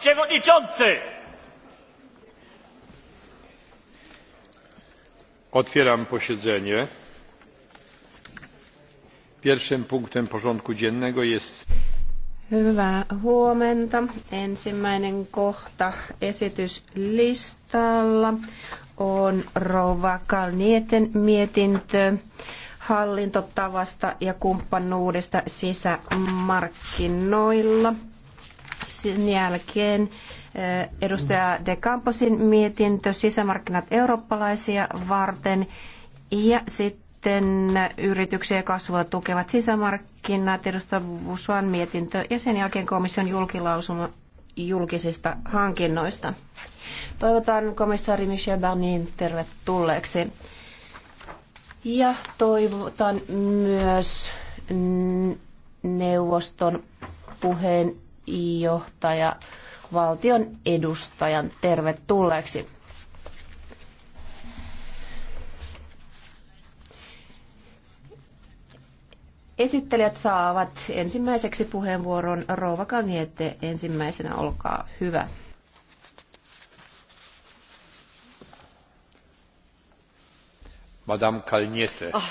przewodniczący! Otwieram posiedzenie. Pierwszym punktem porządku dziennego jest... Hyvää huomenta. Ensimmäinen kohta esityslistalla on Rova Kalnieten mietintö hallintotavasta ja kumppanuudesta sisämarkkinoilla sen jälkeen eh, edustaja De Camposin mietintö sisämarkkinat eurooppalaisia varten ja sitten yrityksiä ja kasvua tukevat sisämarkkinat, edustaja Vusuan mietintö ja sen jälkeen komission julkilausuma julkisista hankinnoista. Toivotan komissaari Michel Barnier tervetulleeksi. Ja toivotan myös neuvoston puheen johtaja valtion edustajan tervetulleeksi. Esittelijät saavat ensimmäiseksi puheenvuoron. Rouva Kalniette ensimmäisenä, olkaa hyvä. Madame Kalniete. Oh.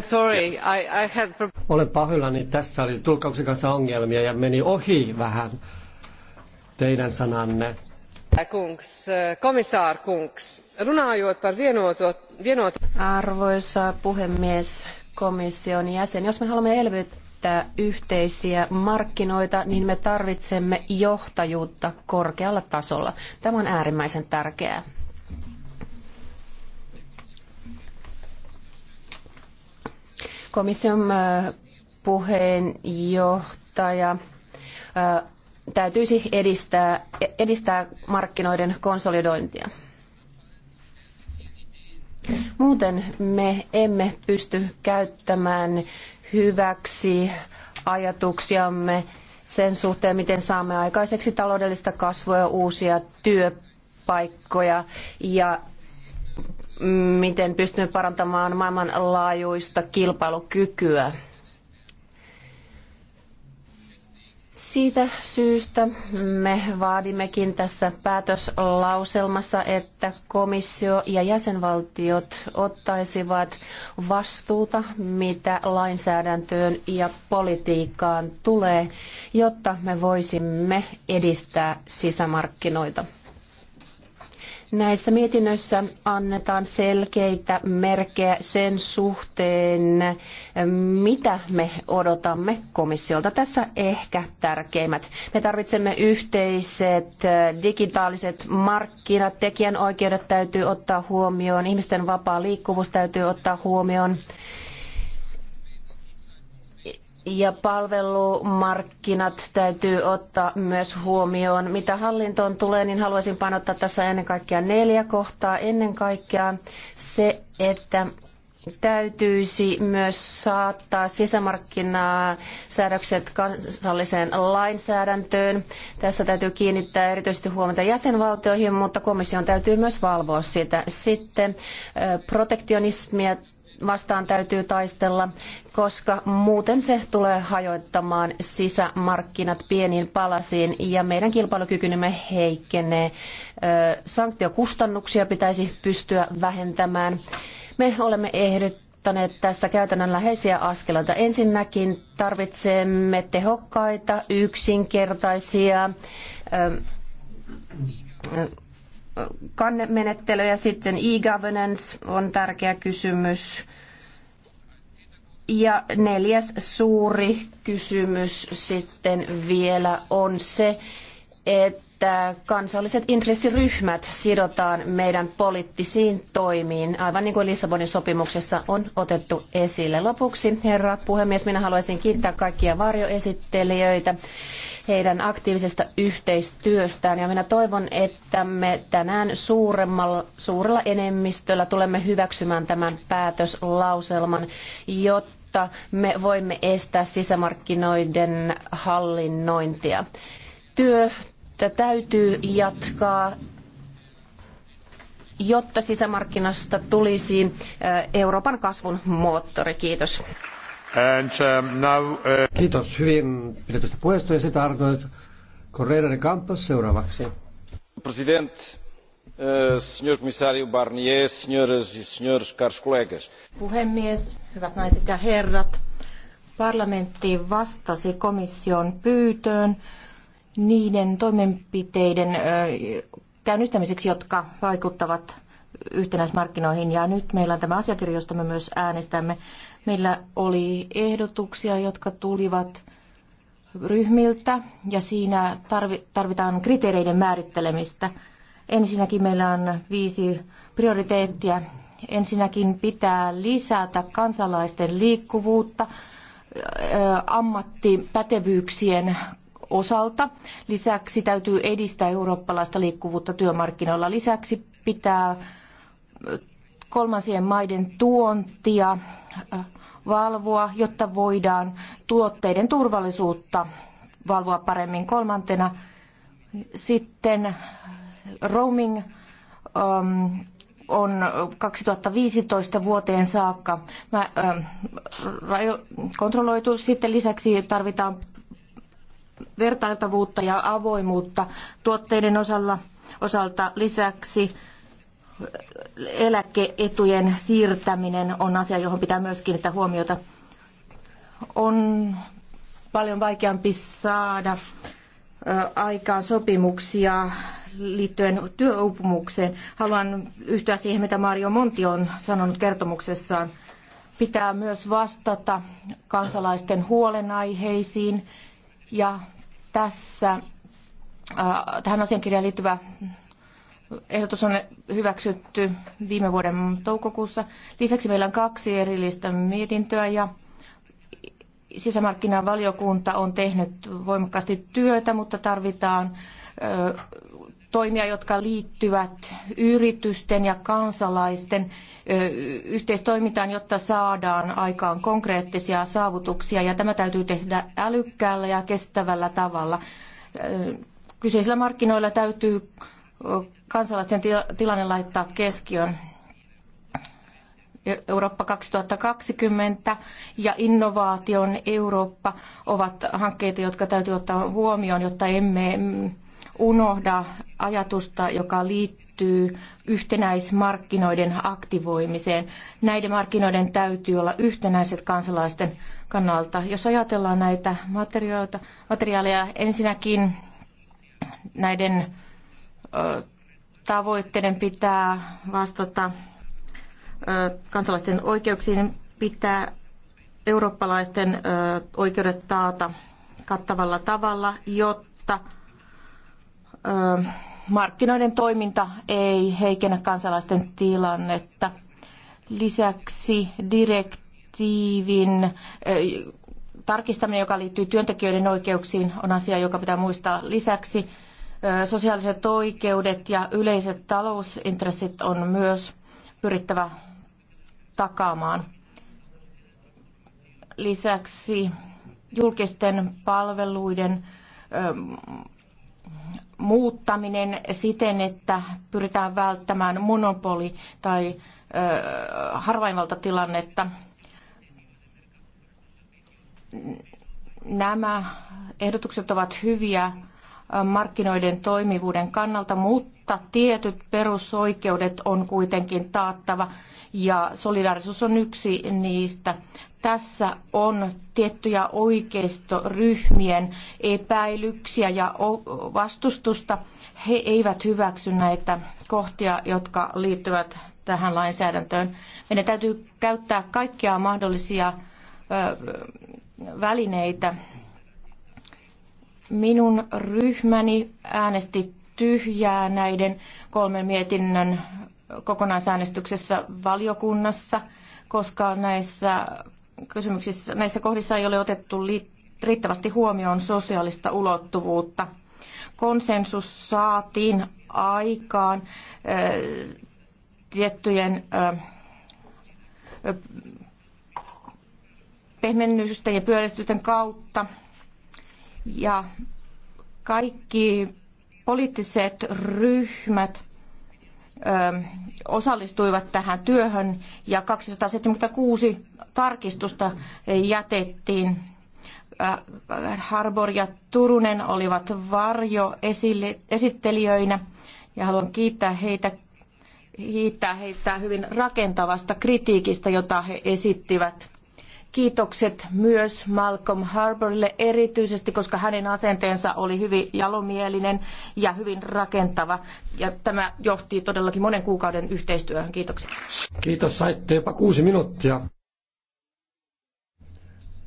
Sorry, I, I had... Olen pahoillani, tässä oli tulkauksen kanssa ongelmia ja meni ohi vähän teidän sananne. Kungs, komissaar Kungs, runājot par vienoto, vienoto... Arvoisa puhemies, komission jäsen, jos me haluamme elvyttää yhteisiä markkinoita, niin me tarvitsemme johtajuutta korkealla tasolla. Tämä on äärimmäisen tärkeää. komission äh, puheenjohtaja äh, täytyisi edistää, edistää markkinoiden konsolidointia. Muuten me emme pysty käyttämään hyväksi ajatuksiamme sen suhteen, miten saamme aikaiseksi taloudellista kasvua ja uusia työpaikkoja ja miten pystymme parantamaan maailmanlaajuista kilpailukykyä. Siitä syystä me vaadimmekin tässä päätöslauselmassa, että komissio ja jäsenvaltiot ottaisivat vastuuta, mitä lainsäädäntöön ja politiikkaan tulee, jotta me voisimme edistää sisämarkkinoita. Näissä mietinnöissä annetaan selkeitä merkkejä sen suhteen, mitä me odotamme komissiolta. Tässä ehkä tärkeimmät. Me tarvitsemme yhteiset digitaaliset markkinat, tekijänoikeudet täytyy ottaa huomioon, ihmisten vapaa liikkuvuus täytyy ottaa huomioon ja palvelumarkkinat täytyy ottaa myös huomioon. Mitä hallintoon tulee, niin haluaisin painottaa tässä ennen kaikkea neljä kohtaa. Ennen kaikkea se, että täytyisi myös saattaa sisämarkkinasäädökset kansalliseen lainsäädäntöön. Tässä täytyy kiinnittää erityisesti huomiota jäsenvaltioihin, mutta komission täytyy myös valvoa sitä. Sitten protektionismia vastaan täytyy taistella, koska muuten se tulee hajoittamaan sisämarkkinat pieniin palasiin ja meidän kilpailukykymme heikkenee. Sanktiokustannuksia pitäisi pystyä vähentämään. Me olemme ehdottaneet tässä käytännönläheisiä askeleita. Ensinnäkin tarvitsemme tehokkaita, yksinkertaisia kannemenettelyjä. Sitten e-governance on tärkeä kysymys. Ja neljäs suuri kysymys sitten vielä on se, että kansalliset intressiryhmät sidotaan meidän poliittisiin toimiin, aivan niin kuin Lissabonin sopimuksessa on otettu esille. Lopuksi, herra puhemies, minä haluaisin kiittää kaikkia varjoesittelijöitä heidän aktiivisesta yhteistyöstään. Ja minä toivon, että me tänään suuremmalla, suurella enemmistöllä tulemme hyväksymään tämän päätöslauselman, jotta kautta me voimme estää sisämarkkinoiden hallinnointia. Työtä täytyy jatkaa jotta sisämarkkinasta tulisi Euroopan kasvun moottori. Kiitos. And, um, now, uh... Kiitos hyvin pidetystä puheesta ja sitä arvoin Correira de Campos seuraavaksi. President. Eh, senhor Comissário Barnier, senhoras e senhores, caros colegas. Puhemies, hyvät naiset ja herrat, parlamentti vastasi komission pyytöön niiden toimenpiteiden eh, käynnistämiseksi, jotka vaikuttavat yhtenäismarkkinoihin. Ja nyt meillä on tämä asiakirja, josta me myös äänestämme. Meillä oli ehdotuksia, jotka tulivat ryhmiltä ja siinä tarvitaan kriteereiden määrittelemistä – Ensinnäkin meillä on viisi prioriteettia. Ensinnäkin pitää lisätä kansalaisten liikkuvuutta ammattipätevyyksien osalta. Lisäksi täytyy edistää eurooppalaista liikkuvuutta työmarkkinoilla. Lisäksi pitää kolmansien maiden tuontia valvoa, jotta voidaan tuotteiden turvallisuutta valvoa paremmin. Kolmantena sitten Roaming um, on 2015 vuoteen saakka mä, ähm, kontrolloitu. Sitten lisäksi tarvitaan vertailtavuutta ja avoimuutta tuotteiden osalla, osalta. Lisäksi eläkeetujen siirtäminen on asia, johon pitää myös kiinnittää huomiota. On paljon vaikeampi saada aikaan sopimuksia liittyen työuupumukseen. Haluan yhtyä siihen, mitä Mario Monti on sanonut kertomuksessaan. Pitää myös vastata kansalaisten huolenaiheisiin ja tässä tähän asiakirjaan liittyvä ehdotus on hyväksytty viime vuoden toukokuussa. Lisäksi meillä on kaksi erillistä mietintöä ja sisämarkkinavaliokunta on tehnyt voimakkaasti työtä, mutta tarvitaan toimia, jotka liittyvät yritysten ja kansalaisten yhteistoimintaan, jotta saadaan aikaan konkreettisia saavutuksia. Ja tämä täytyy tehdä älykkäällä ja kestävällä tavalla. Kyseisillä markkinoilla täytyy kansalaisten tilanne laittaa keskiön. Eurooppa 2020 ja innovaation Eurooppa ovat hankkeita, jotka täytyy ottaa huomioon, jotta emme unohda ajatusta, joka liittyy yhtenäismarkkinoiden aktivoimiseen. Näiden markkinoiden täytyy olla yhtenäiset kansalaisten kannalta. Jos ajatellaan näitä materiaaleja, ensinnäkin näiden tavoitteiden pitää vastata kansalaisten oikeuksiin, pitää eurooppalaisten oikeudet taata kattavalla tavalla, jotta markkinoiden toiminta ei heikennä kansalaisten tilannetta. Lisäksi direktiivin tarkistaminen, joka liittyy työntekijöiden oikeuksiin, on asia, joka pitää muistaa. Lisäksi sosiaaliset oikeudet ja yleiset talousintressit on myös pyrittävä takaamaan. Lisäksi julkisten palveluiden muuttaminen siten, että pyritään välttämään monopoli- tai harvainvaltatilannetta. Nämä ehdotukset ovat hyviä markkinoiden toimivuuden kannalta, mutta tietyt perusoikeudet on kuitenkin taattava ja solidaarisuus on yksi niistä. Tässä on tiettyjä oikeistoryhmien epäilyksiä ja vastustusta. He eivät hyväksy näitä kohtia, jotka liittyvät tähän lainsäädäntöön. Meidän täytyy käyttää kaikkia mahdollisia välineitä. Minun ryhmäni äänesti tyhjää näiden kolmen mietinnön kokonaisäänestyksessä valiokunnassa, koska näissä kysymyksissä, näissä kohdissa ei ole otettu riittävästi huomioon sosiaalista ulottuvuutta. Konsensus saatiin aikaan tiettyjen pehmennysten ja pyöristysten kautta. Ja kaikki poliittiset ryhmät osallistuivat tähän työhön ja 276 tarkistusta jätettiin. Harbor ja Turunen olivat varjo esittelijöinä ja haluan kiittää heitä, kiittää heitä hyvin rakentavasta kritiikistä, jota he esittivät Kiitokset myös Malcolm Harbourille erityisesti, koska hänen asenteensa oli hyvin jalomielinen ja hyvin rakentava. Ja tämä johti todellakin monen kuukauden yhteistyöhön. Kiitokset. Kiitos, saitte jopa kuusi minuuttia.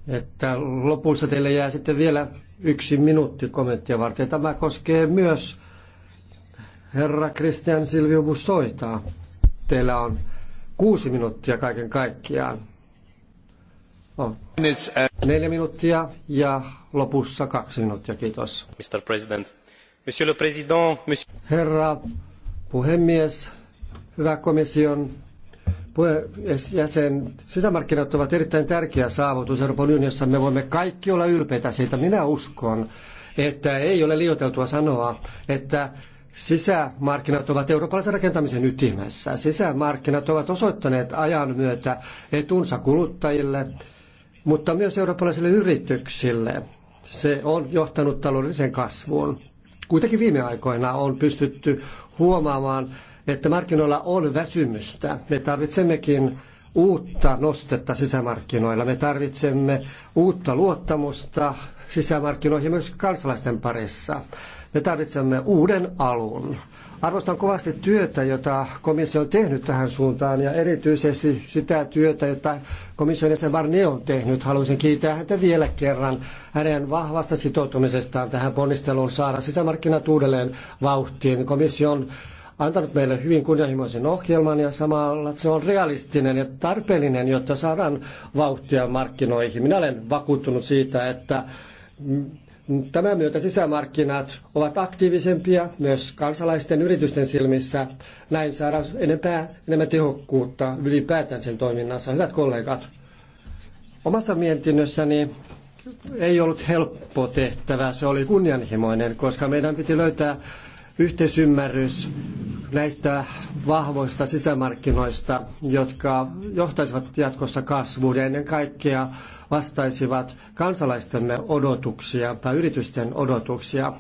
Että lopussa teille jää sitten vielä yksi minuutti kommenttia varten. Tämä koskee myös herra Christian Silvio Bussoitaa. Teillä on kuusi minuuttia kaiken kaikkiaan. Neljä minuuttia ja lopussa kaksi minuuttia, kiitos. Mr. President. Monsieur le Président, monsieur... Herra puhemies, hyvä komission jäsen, sisämarkkinat ovat erittäin tärkeä saavutus Euroopan unionissa. Me voimme kaikki olla ylpeitä siitä. Minä uskon, että ei ole liioiteltua sanoa, että sisämarkkinat ovat eurooppalaisen rakentamisen ytimessä. Sisämarkkinat ovat osoittaneet ajan myötä etunsa kuluttajille mutta myös eurooppalaisille yrityksille. Se on johtanut taloudelliseen kasvuun. Kuitenkin viime aikoina on pystytty huomaamaan, että markkinoilla on väsymystä. Me tarvitsemmekin uutta nostetta sisämarkkinoilla. Me tarvitsemme uutta luottamusta sisämarkkinoihin myös kansalaisten parissa. Me tarvitsemme uuden alun. Arvostan kovasti työtä, jota komissio on tehnyt tähän suuntaan ja erityisesti sitä työtä, jota komission jäsen Barnier on tehnyt. Haluaisin kiittää häntä vielä kerran hänen vahvasta sitoutumisestaan tähän ponnisteluun saada sisämarkkinat uudelleen vauhtiin. Komissio on antanut meille hyvin kunnianhimoisen ohjelman ja samalla se on realistinen ja tarpeellinen, jotta saadaan vauhtia markkinoihin. Minä olen vakuuttunut siitä, että Tämän myötä sisämarkkinat ovat aktiivisempia myös kansalaisten yritysten silmissä. Näin saadaan enempää, enemmän tehokkuutta ylipäätään sen toiminnassa. Hyvät kollegat, omassa mietinnössäni ei ollut helppo tehtävä, se oli kunnianhimoinen, koska meidän piti löytää yhteisymmärrys näistä vahvoista sisämarkkinoista, jotka johtaisivat jatkossa kasvuun ja ennen kaikkea vastaisivat kansalaistemme odotuksia tai yritysten odotuksia.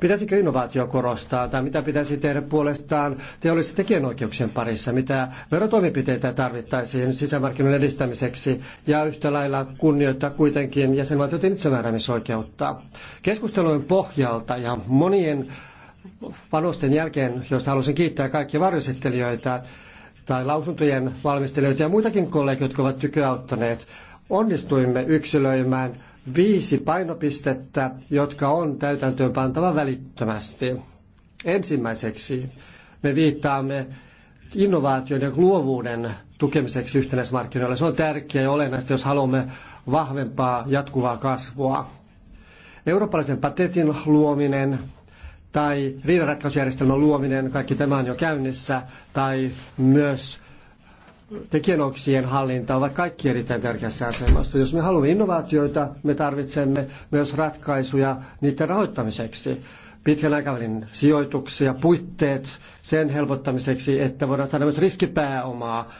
Pitäisikö innovaatio korostaa tai mitä pitäisi tehdä puolestaan teollisten tekijänoikeuksien parissa? Mitä verotoimenpiteitä tarvittaisiin sisämarkkinoiden edistämiseksi ja yhtä lailla kunnioittaa kuitenkin jäsenvaltioiden itsemääräämisoikeutta? Keskustelujen pohjalta ja monien panosten jälkeen, joista haluaisin kiittää kaikkia varjosittelijöitä tai lausuntojen valmistelijoita ja muitakin kollegoita, jotka ovat tyköauttaneet, onnistuimme yksilöimään viisi painopistettä, jotka on täytäntöön pantava välittömästi. Ensimmäiseksi me viittaamme innovaatioiden ja luovuuden tukemiseksi yhtenäismarkkinoilla. Se on tärkeää ja olennaista, jos haluamme vahvempaa jatkuvaa kasvua. Eurooppalaisen patentin luominen tai riidanratkaisujärjestelmän luominen, kaikki tämä on jo käynnissä, tai myös tekijänoikeuksien hallinta ovat kaikki erittäin tärkeässä asemassa. Jos me haluamme innovaatioita, me tarvitsemme myös ratkaisuja niiden rahoittamiseksi. Pitkän aikavälin sijoituksia, puitteet sen helpottamiseksi, että voidaan saada myös riskipääomaa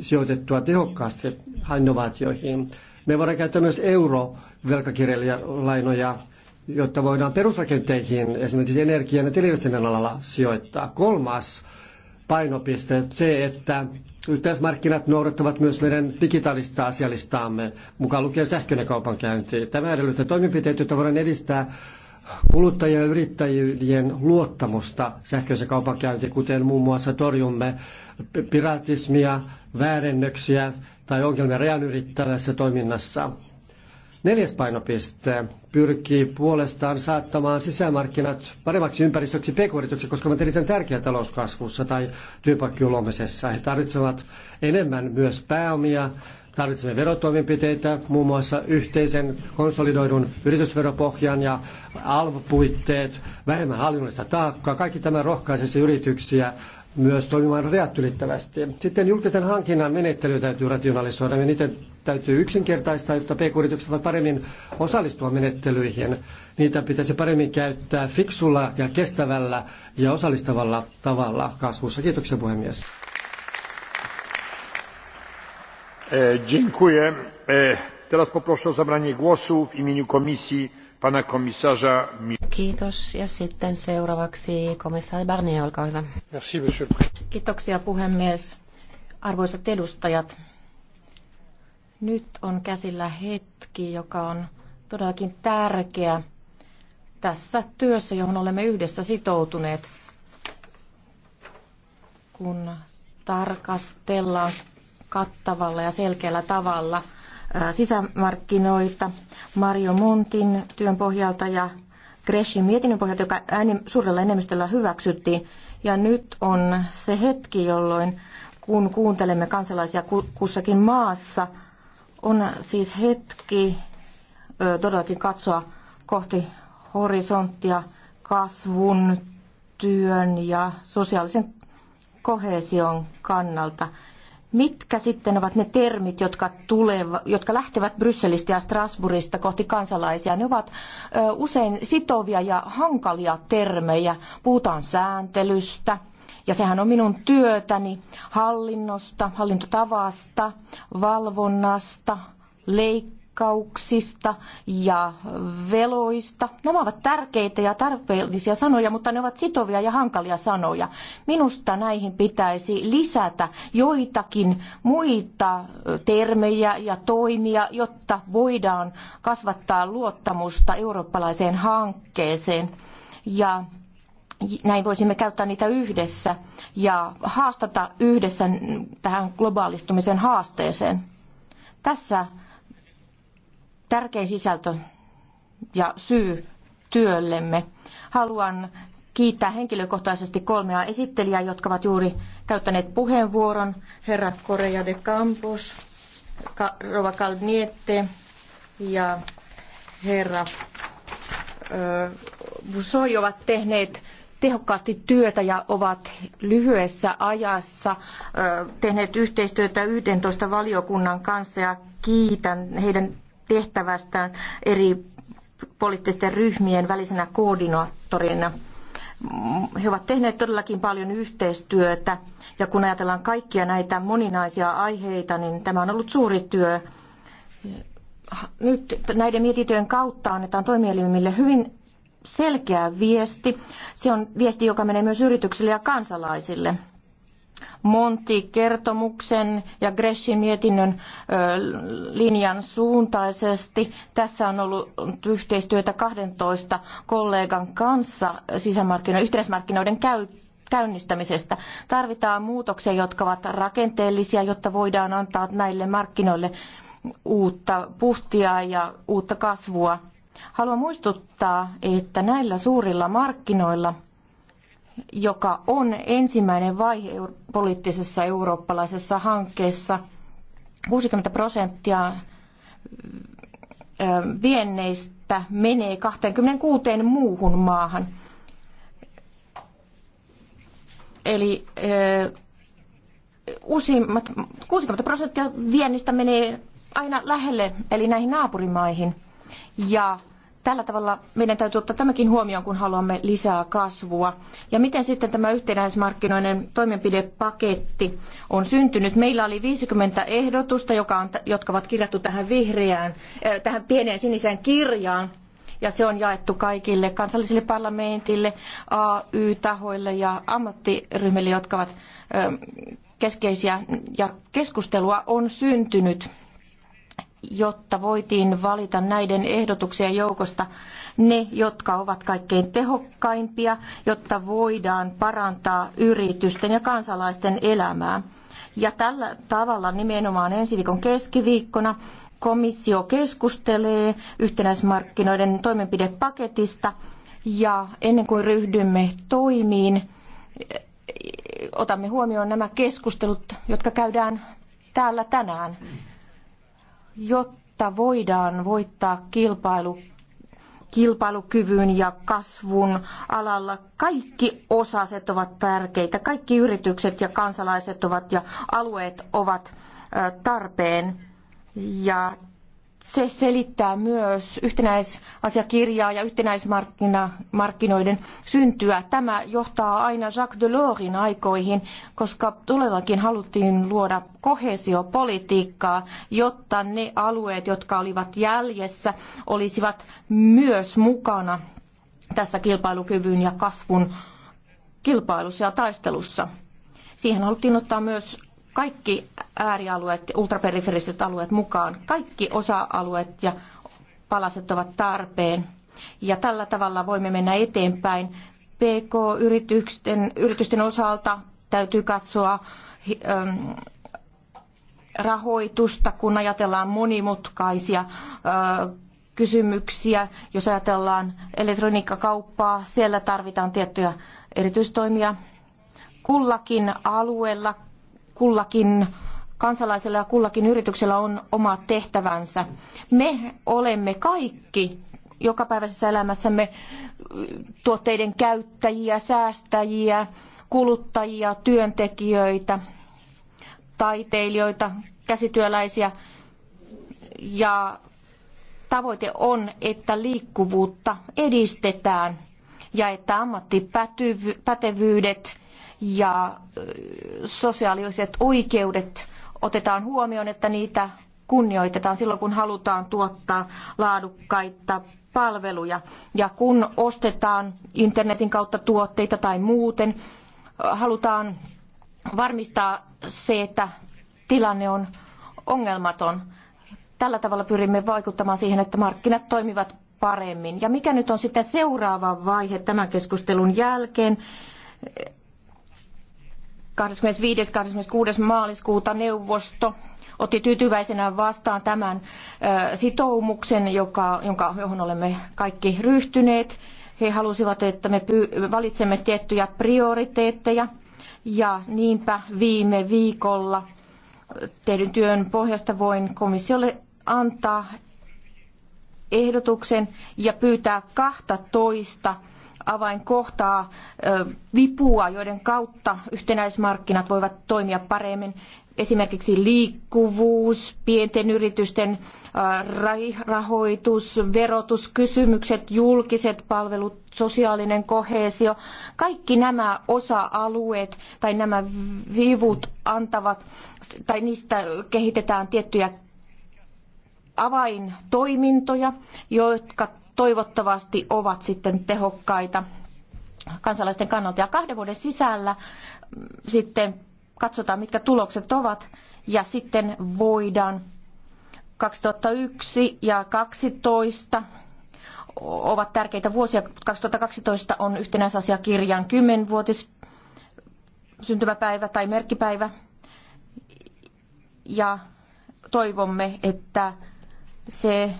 sijoitettua tehokkaasti innovaatioihin. Me voidaan käyttää myös eurovelkakirjalainoja, jotta voidaan perusrakenteihin, esimerkiksi energian ja televiestinnän alalla sijoittaa. Kolmas painopiste. Se, että yhteismarkkinat noudattavat myös meidän digitaalista asialistaamme, mukaan lukien sähköinen kaupankäynti. Tämä edellyttää toimenpiteitä, joita voidaan edistää kuluttajien ja yrittäjien luottamusta sähköisen kaupankäyntiin, kuten muun muassa torjumme piratismia, väärennöksiä tai ongelmia rajan toiminnassa. Neljäs painopiste pyrkii puolestaan saattamaan sisämarkkinat paremmaksi ympäristöksi pk koska ovat erittäin tärkeä talouskasvussa tai työpaikkojen luomisessa. He tarvitsevat enemmän myös pääomia, tarvitsemme verotoimenpiteitä, muun muassa yhteisen konsolidoidun yritysveropohjan ja alv vähemmän hallinnollista taakkaa. Kaikki tämä rohkaisisi yrityksiä myös toimimaan rajat ylittävästi. Sitten julkisten hankinnan menettely täytyy rationalisoida ja niitä täytyy yksinkertaistaa, jotta pk-yritykset voivat paremmin osallistua menettelyihin. Niitä pitäisi paremmin käyttää fiksulla ja kestävällä ja osallistavalla tavalla kasvussa. Kiitoksia puhemies. E, dziękuję. E, teraz poproszę o zabranie głosu w imieniu komisji pana komisarza... Kiitos. Ja sitten seuraavaksi komissaari Barnier, Kiitoksia puhemies. Arvoisat edustajat, nyt on käsillä hetki, joka on todellakin tärkeä tässä työssä, johon olemme yhdessä sitoutuneet, kun tarkastellaan kattavalla ja selkeällä tavalla – sisämarkkinoita Mario Montin työn pohjalta ja Greshin mietinnön pohjalta, joka suurella enemmistöllä hyväksyttiin. Ja nyt on se hetki, jolloin kun kuuntelemme kansalaisia kussakin maassa, on siis hetki todellakin katsoa kohti horisonttia kasvun, työn ja sosiaalisen kohesion kannalta. Mitkä sitten ovat ne termit, jotka, tuleva, jotka lähtevät Brysselistä ja Strasbourgista kohti kansalaisia? Ne ovat ö, usein sitovia ja hankalia termejä. Puhutaan sääntelystä, ja sehän on minun työtäni, hallinnosta, hallintotavasta, valvonnasta, leikkaamisesta takauksista ja veloista. Nämä ovat tärkeitä ja tarpeellisia sanoja, mutta ne ovat sitovia ja hankalia sanoja. Minusta näihin pitäisi lisätä joitakin muita termejä ja toimia, jotta voidaan kasvattaa luottamusta eurooppalaiseen hankkeeseen. Ja näin voisimme käyttää niitä yhdessä ja haastata yhdessä tähän globaalistumisen haasteeseen. Tässä tärkein sisältö ja syy työllemme. Haluan kiittää henkilökohtaisesti kolmea esittelijää, jotka ovat juuri käyttäneet puheenvuoron. Herra Korea de Campos, Rova Calniette ja herra Busoi ovat tehneet tehokkaasti työtä ja ovat lyhyessä ajassa tehneet yhteistyötä 11 valiokunnan kanssa ja kiitän heidän tehtävästään eri poliittisten ryhmien välisenä koordinaattorina. Mm, he ovat tehneet todellakin paljon yhteistyötä ja kun ajatellaan kaikkia näitä moninaisia aiheita, niin tämä on ollut suuri työ. Nyt näiden mietintöjen kautta annetaan toimielimille hyvin selkeä viesti. Se on viesti, joka menee myös yrityksille ja kansalaisille. Monti-kertomuksen ja Greshin mietinnön linjan suuntaisesti. Tässä on ollut yhteistyötä 12 kollegan kanssa sisämarkkinoiden, yhteismarkkinoiden käynnistämisestä. Tarvitaan muutoksia, jotka ovat rakenteellisia, jotta voidaan antaa näille markkinoille uutta puhtia ja uutta kasvua. Haluan muistuttaa, että näillä suurilla markkinoilla – joka on ensimmäinen vaihe poliittisessa eurooppalaisessa hankkeessa. 60 prosenttia vienneistä menee 26 muuhun maahan. Eli useimmat, 60 prosenttia viennistä menee aina lähelle, eli näihin naapurimaihin. Ja Tällä tavalla meidän täytyy ottaa tämäkin huomioon, kun haluamme lisää kasvua. Ja miten sitten tämä yhtenäismarkkinoinen toimenpidepaketti on syntynyt? Meillä oli 50 ehdotusta, jotka ovat kirjattu tähän vihreään, äh, tähän pieneen siniseen kirjaan ja se on jaettu kaikille kansallisille parlamentille, AY-tahoille ja ammattiryhmille, jotka ovat ähm, keskeisiä ja keskustelua on syntynyt jotta voitiin valita näiden ehdotuksien joukosta ne, jotka ovat kaikkein tehokkaimpia, jotta voidaan parantaa yritysten ja kansalaisten elämää. Ja tällä tavalla nimenomaan ensi viikon keskiviikkona komissio keskustelee yhtenäismarkkinoiden toimenpidepaketista ja ennen kuin ryhdymme toimiin, otamme huomioon nämä keskustelut, jotka käydään täällä tänään jotta voidaan voittaa kilpailu kilpailukyvyn ja kasvun alalla kaikki osaset ovat tärkeitä, kaikki yritykset ja kansalaiset ovat ja alueet ovat tarpeen. Ja se selittää myös yhtenäisasiakirjaa ja yhtenäismarkkinoiden syntyä. Tämä johtaa aina Jacques Delorsin aikoihin, koska todellakin haluttiin luoda koheesiopolitiikkaa, jotta ne alueet, jotka olivat jäljessä, olisivat myös mukana tässä kilpailukyvyn ja kasvun kilpailussa ja taistelussa. Siihen haluttiin ottaa myös kaikki äärialueet ja ultraperiferiset alueet mukaan. Kaikki osa-alueet ja palaset ovat tarpeen. Ja tällä tavalla voimme mennä eteenpäin. PK-yritysten yritysten osalta täytyy katsoa rahoitusta, kun ajatellaan monimutkaisia kysymyksiä. Jos ajatellaan elektroniikkakauppaa, siellä tarvitaan tiettyjä erityistoimia. Kullakin alueella, kullakin kansalaisella ja kullakin yrityksellä on oma tehtävänsä. Me olemme kaikki jokapäiväisessä elämässämme tuotteiden käyttäjiä, säästäjiä, kuluttajia, työntekijöitä, taiteilijoita, käsityöläisiä ja tavoite on, että liikkuvuutta edistetään ja että ammattipätevyydet ja sosiaaliset oikeudet otetaan huomioon, että niitä kunnioitetaan silloin, kun halutaan tuottaa laadukkaita palveluja. Ja kun ostetaan internetin kautta tuotteita tai muuten, halutaan varmistaa se, että tilanne on ongelmaton. Tällä tavalla pyrimme vaikuttamaan siihen, että markkinat toimivat paremmin. Ja mikä nyt on sitten seuraava vaihe tämän keskustelun jälkeen? 25.–26. maaliskuuta neuvosto otti tyytyväisenä vastaan tämän sitoumuksen, joka, jonka, johon olemme kaikki ryhtyneet. He halusivat, että me valitsemme tiettyjä prioriteetteja ja niinpä viime viikolla tehdyn työn pohjasta voin komissiolle antaa ehdotuksen ja pyytää 12 avainkohtaa, vipua, joiden kautta yhtenäismarkkinat voivat toimia paremmin. Esimerkiksi liikkuvuus, pienten yritysten rahoitus, verotuskysymykset, julkiset palvelut, sosiaalinen koheesio, kaikki nämä osa-alueet tai nämä vivut antavat tai niistä kehitetään tiettyjä avaintoimintoja, jotka toivottavasti ovat sitten tehokkaita kansalaisten kannalta. Ja kahden vuoden sisällä mm, sitten katsotaan, mitkä tulokset ovat, ja sitten voidaan 2001 ja 2012 ovat tärkeitä vuosia. 2012 on yhtenäisasiakirjan 10-vuotis syntymäpäivä tai merkkipäivä. Ja toivomme, että se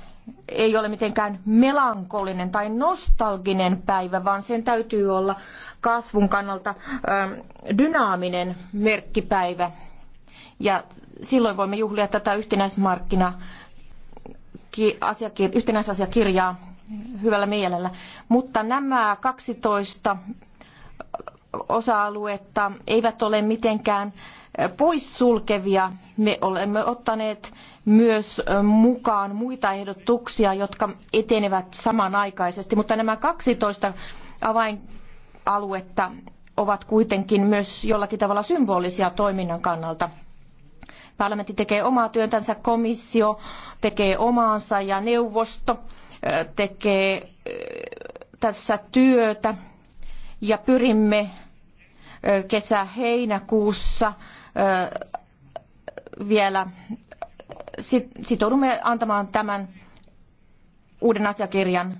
ei ole mitenkään melankolinen tai nostalginen päivä, vaan sen täytyy olla kasvun kannalta ähm, dynaaminen merkkipäivä. Ja silloin voimme juhlia tätä yhtenäismarkkina yhtenäisasiakirjaa hyvällä mielellä. Mutta nämä 12 äh, osa-aluetta eivät ole mitenkään äh, poissulkevia. Me olemme ottaneet myös mukaan muita ehdotuksia, jotka etenevät samanaikaisesti, mutta nämä 12 avainaluetta ovat kuitenkin myös jollakin tavalla symbolisia toiminnan kannalta. Parlamentti tekee omaa työntänsä, komissio tekee omaansa ja neuvosto tekee tässä työtä ja pyrimme kesä-heinäkuussa vielä sitoudumme antamaan tämän uuden asiakirjan.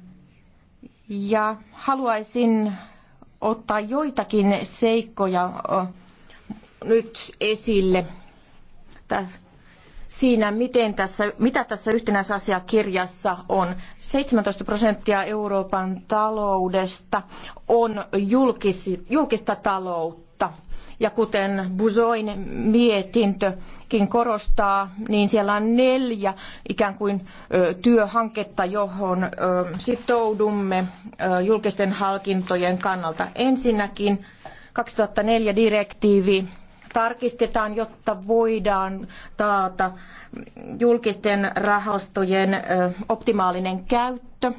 Ja haluaisin ottaa joitakin seikkoja nyt esille siinä, miten tässä, mitä tässä yhtenäisasiakirjassa on. 17 prosenttia Euroopan taloudesta on julkis, julkista taloutta. Ja kuten Buzoin mietintökin korostaa, niin siellä on neljä ikään kuin työhanketta, johon sitoudumme julkisten hankintojen kannalta. Ensinnäkin 2004 direktiivi tarkistetaan, jotta voidaan taata julkisten rahastojen optimaalinen käyttö.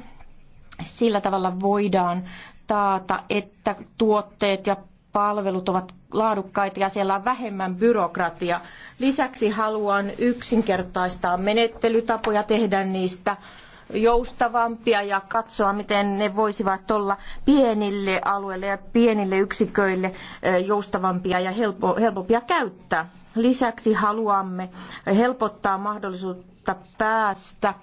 Sillä tavalla voidaan taata, että tuotteet ja palvelut ovat laadukkaita ja siellä on vähemmän byrokratia. Lisäksi haluan yksinkertaistaa menettelytapoja, tehdä niistä joustavampia ja katsoa, miten ne voisivat olla pienille alueille ja pienille yksiköille joustavampia ja helpompia käyttää. Lisäksi haluamme helpottaa mahdollisuutta päästä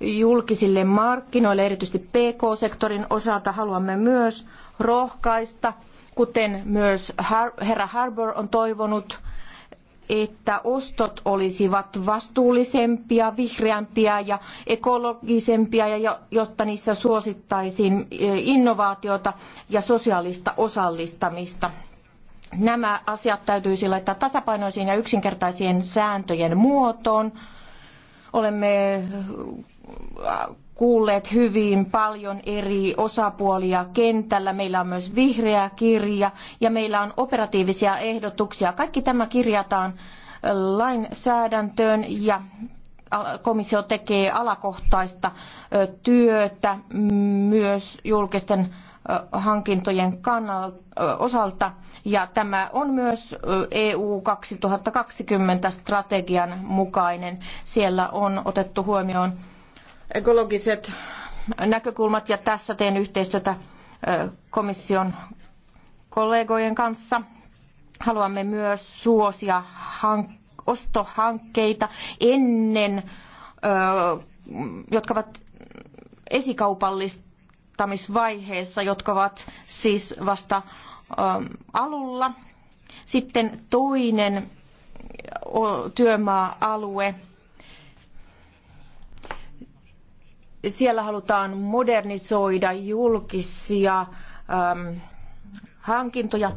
julkisille markkinoille, erityisesti PK-sektorin osalta haluamme myös rohkaista kuten myös herra Harbour on toivonut, että ostot olisivat vastuullisempia, vihreämpiä ja ekologisempia, ja jotta niissä suosittaisiin e, innovaatiota ja sosiaalista osallistamista. Nämä asiat täytyisi laittaa tasapainoisiin ja yksinkertaisien sääntöjen muotoon. Olemme kuulleet hyvin paljon eri osapuolia kentällä. Meillä on myös vihreä kirja ja meillä on operatiivisia ehdotuksia. Kaikki tämä kirjataan lainsäädäntöön ja komissio tekee alakohtaista työtä myös julkisten hankintojen kannalta, osalta. Ja tämä on myös EU 2020 strategian mukainen. Siellä on otettu huomioon ekologiset näkökulmat ja tässä teen yhteistyötä komission kollegojen kanssa. Haluamme myös suosia hank- ostohankkeita ennen, jotka ovat esikaupallistamisvaiheessa, jotka ovat siis vasta alulla. Sitten toinen työmaa-alue Siellä halutaan modernisoida julkisia äm, hankintoja.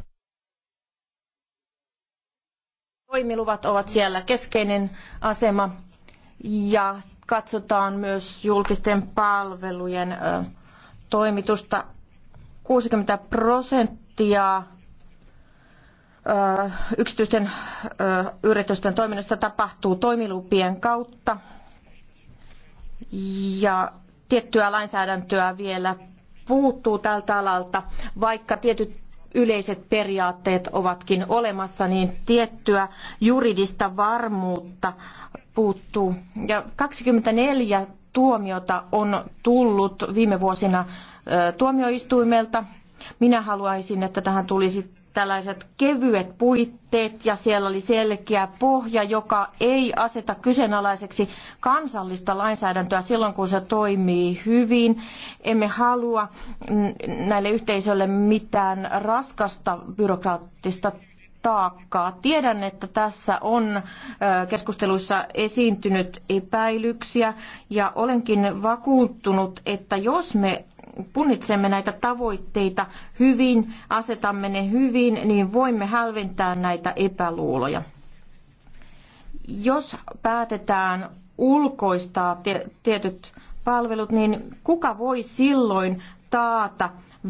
Toimiluvat ovat siellä keskeinen asema ja katsotaan myös julkisten palvelujen ä, äh, toimitusta. 60 prosenttia äh, yksityisten äh, yritysten toiminnasta tapahtuu toimilupien kautta ja tiettyä lainsäädäntöä vielä puuttuu tältä alalta, vaikka tietyt yleiset periaatteet ovatkin olemassa, niin tiettyä juridista varmuutta puuttuu. Ja 24 tuomiota on tullut viime vuosina tuomioistuimelta. Minä haluaisin, että tähän tulisi tällaiset kevyet puitteet ja siellä oli selkeä pohja, joka ei aseta kyseenalaiseksi kansallista lainsäädäntöä silloin, kun se toimii hyvin. Emme halua näille yhteisöille mitään raskasta byrokraattista taakkaa. Tiedän, että tässä on keskusteluissa esiintynyt epäilyksiä ja olenkin vakuuttunut, että jos me punnitsemme näitä tavoitteita hyvin, asetamme ne hyvin, niin voimme hälventää näitä epäluuloja. Jos päätetään ulkoistaa tietyt palvelut, niin kuka voi silloin taata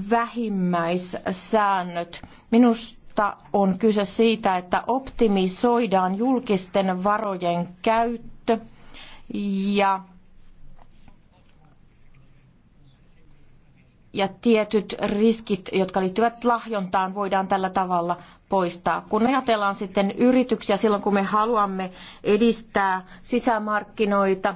vähimmäissäännöt? Minusta on kyse siitä, että optimisoidaan julkisten varojen käyttö ja ja tietyt riskit, jotka liittyvät lahjontaan, voidaan tällä tavalla poistaa. Kun ajatellaan sitten yrityksiä silloin, kun me haluamme edistää sisämarkkinoita,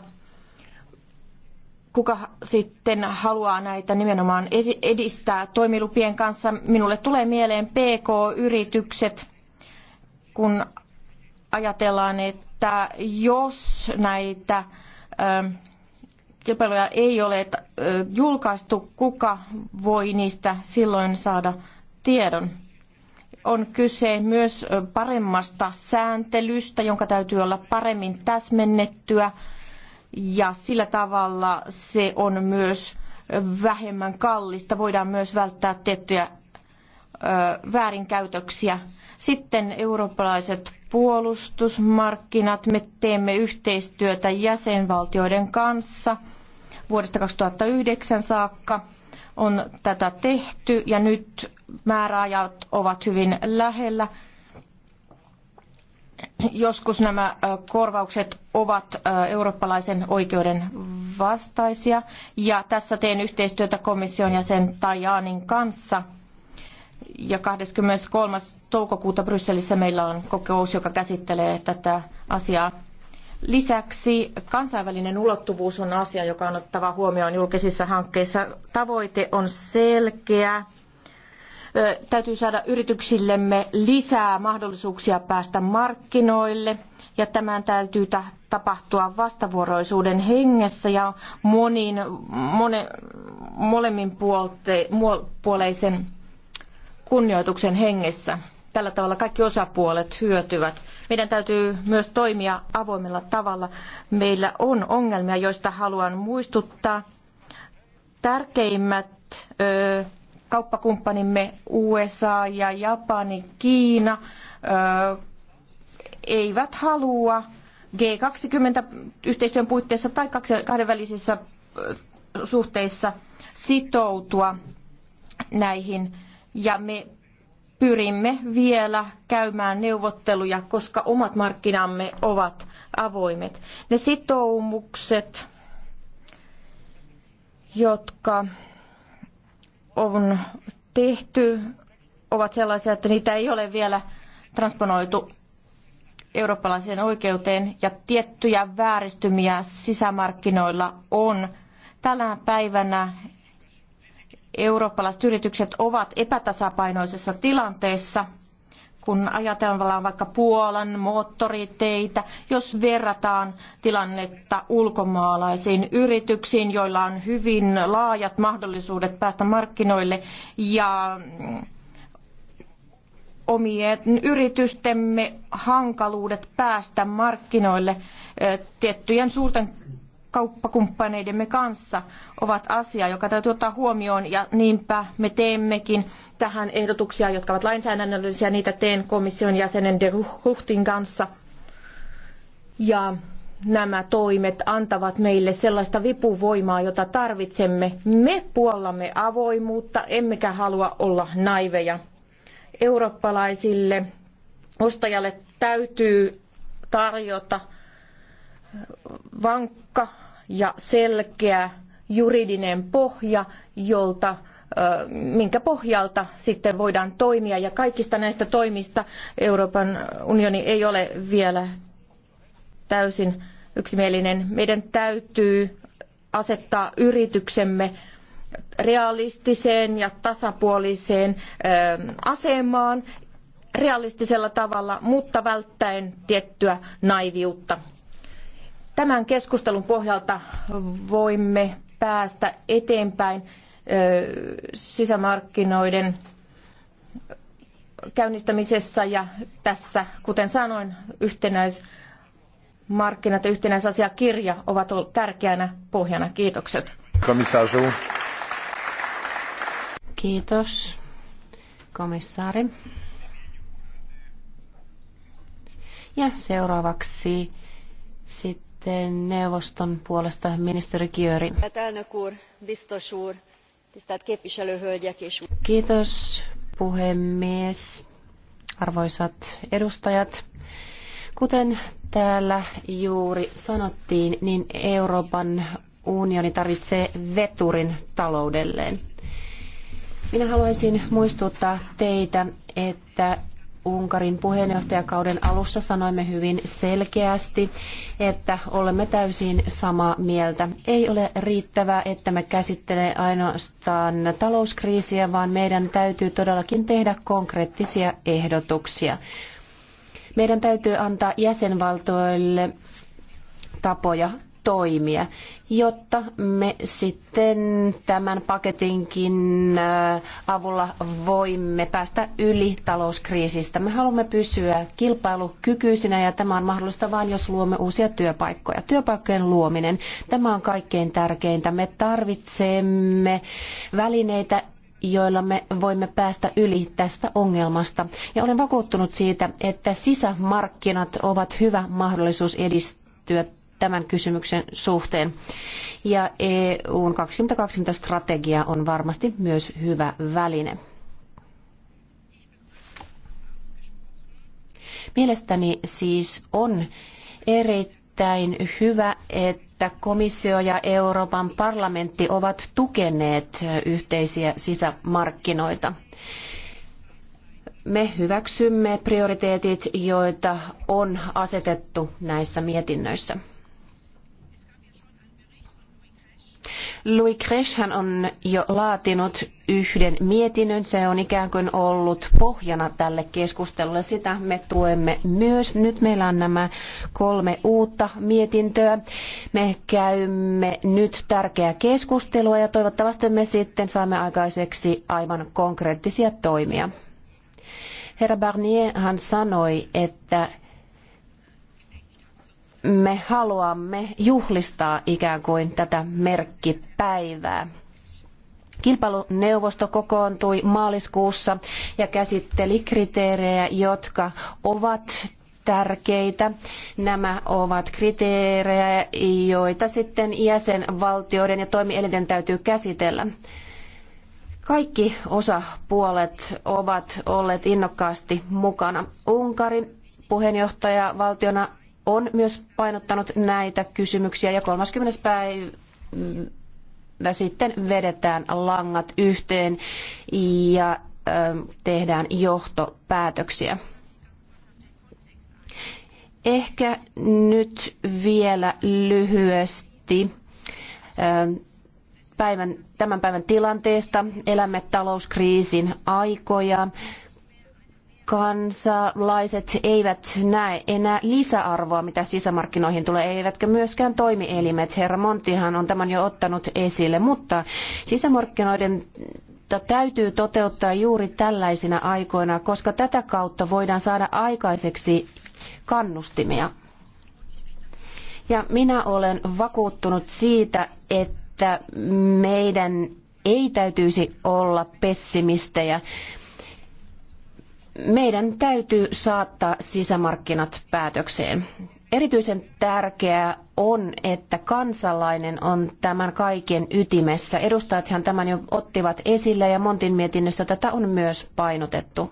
kuka sitten haluaa näitä nimenomaan edistää toimilupien kanssa. Minulle tulee mieleen PK-yritykset, kun ajatellaan, että jos näitä ö, kilpailuja ei ole julkaistu, kuka voi niistä silloin saada tiedon. On kyse myös paremmasta sääntelystä, jonka täytyy olla paremmin täsmennettyä ja sillä tavalla se on myös vähemmän kallista. Voidaan myös välttää tiettyjä väärinkäytöksiä. Sitten eurooppalaiset puolustusmarkkinat. Me teemme yhteistyötä jäsenvaltioiden kanssa vuodesta 2009 saakka on tätä tehty ja nyt määräajat ovat hyvin lähellä. Joskus nämä korvaukset ovat eurooppalaisen oikeuden vastaisia ja tässä teen yhteistyötä komission jäsen Tajanin kanssa – ja 23. toukokuuta Brysselissä meillä on kokous, joka käsittelee tätä asiaa. Lisäksi kansainvälinen ulottuvuus on asia, joka on ottava huomioon julkisissa hankkeissa. Tavoite on selkeä. Täytyy saada yrityksillemme lisää mahdollisuuksia päästä markkinoille ja tämän täytyy tapahtua vastavuoroisuuden hengessä ja monin, mone, molemmin puolte, puoleisen kunnioituksen hengessä. Tällä tavalla kaikki osapuolet hyötyvät. Meidän täytyy myös toimia avoimella tavalla. Meillä on ongelmia, joista haluan muistuttaa. Tärkeimmät ö, kauppakumppanimme USA ja Japani, Kiina ö, eivät halua G20-yhteistyön puitteissa tai kahdenvälisissä suhteissa sitoutua näihin ja me pyrimme vielä käymään neuvotteluja, koska omat markkinamme ovat avoimet. Ne sitoumukset, jotka on tehty, ovat sellaisia, että niitä ei ole vielä transponoitu eurooppalaiseen oikeuteen ja tiettyjä vääristymiä sisämarkkinoilla on. Tänä päivänä eurooppalaiset yritykset ovat epätasapainoisessa tilanteessa, kun ajatellaan vaikka Puolan moottoriteitä, jos verrataan tilannetta ulkomaalaisiin yrityksiin, joilla on hyvin laajat mahdollisuudet päästä markkinoille ja omien yritystemme hankaluudet päästä markkinoille eh, tiettyjen suurten kauppakumppaneidemme kanssa ovat asia, joka täytyy ottaa huomioon ja niinpä me teemmekin tähän ehdotuksia, jotka ovat lainsäädännöllisiä. Niitä teen komission jäsenen de Huhtin kanssa. Ja nämä toimet antavat meille sellaista vipuvoimaa, jota tarvitsemme. Me puollamme avoimuutta, emmekä halua olla naiveja. Eurooppalaisille ostajalle täytyy tarjota – vankka ja selkeä juridinen pohja, jolta minkä pohjalta sitten voidaan toimia. Ja kaikista näistä toimista Euroopan unioni ei ole vielä täysin yksimielinen. Meidän täytyy asettaa yrityksemme realistiseen ja tasapuoliseen asemaan realistisella tavalla, mutta välttäen tiettyä naiviutta Tämän keskustelun pohjalta voimme päästä eteenpäin sisämarkkinoiden käynnistämisessä ja tässä, kuten sanoin, yhtenäismarkkinat ja yhtenäisasiakirja ovat olleet tärkeänä pohjana. Kiitokset. Komissaari. Kiitos, komissaari. Ja seuraavaksi sitten sitten neuvoston puolesta ministeri Kiöri. Kiitos puhemies, arvoisat edustajat. Kuten täällä juuri sanottiin, niin Euroopan unioni tarvitsee veturin taloudelleen. Minä haluaisin muistuttaa teitä, että Unkarin puheenjohtajakauden alussa sanoimme hyvin selkeästi, että olemme täysin samaa mieltä. Ei ole riittävää, että me käsittelemme ainoastaan talouskriisiä, vaan meidän täytyy todellakin tehdä konkreettisia ehdotuksia. Meidän täytyy antaa jäsenvaltioille tapoja toimia, jotta me sitten tämän paketinkin äh, avulla voimme päästä yli talouskriisistä. Me haluamme pysyä kilpailukykyisinä ja tämä on mahdollista vain, jos luomme uusia työpaikkoja. Työpaikkojen luominen, tämä on kaikkein tärkeintä. Me tarvitsemme välineitä joilla me voimme päästä yli tästä ongelmasta. Ja olen vakuuttunut siitä, että sisämarkkinat ovat hyvä mahdollisuus edistyä tämän kysymyksen suhteen. Ja EUn 2020-strategia on varmasti myös hyvä väline. Mielestäni siis on erittäin hyvä, että komissio ja Euroopan parlamentti ovat tukeneet yhteisiä sisämarkkinoita. Me hyväksymme prioriteetit, joita on asetettu näissä mietinnöissä. Louis hän on jo laatinut yhden mietinnön. Se on ikään kuin ollut pohjana tälle keskustelulle. Sitä me tuemme myös. Nyt meillä on nämä kolme uutta mietintöä. Me käymme nyt tärkeää keskustelua ja toivottavasti me sitten saamme aikaiseksi aivan konkreettisia toimia. Herra Barnier hän sanoi, että me haluamme juhlistaa ikään kuin tätä merkkipäivää. Kilpailuneuvosto kokoontui maaliskuussa ja käsitteli kriteerejä, jotka ovat tärkeitä. Nämä ovat kriteerejä, joita sitten jäsenvaltioiden ja toimielinten täytyy käsitellä. Kaikki osapuolet ovat olleet innokkaasti mukana. Unkari puheenjohtajavaltiona on myös painottanut näitä kysymyksiä ja 30. päivä sitten vedetään langat yhteen ja tehdään johtopäätöksiä. Ehkä nyt vielä lyhyesti päivän, tämän päivän tilanteesta. Elämme talouskriisin aikoja kansalaiset eivät näe enää lisäarvoa, mitä sisämarkkinoihin tulee, eivätkä myöskään toimielimet. Herra Montihan on tämän jo ottanut esille, mutta sisämarkkinoiden täytyy toteuttaa juuri tällaisina aikoina, koska tätä kautta voidaan saada aikaiseksi kannustimia. Ja minä olen vakuuttunut siitä, että meidän ei täytyisi olla pessimistejä meidän täytyy saattaa sisämarkkinat päätökseen. Erityisen tärkeää on, että kansalainen on tämän kaiken ytimessä. Edustajathan tämän jo ottivat esille ja Montin mietinnössä tätä on myös painotettu.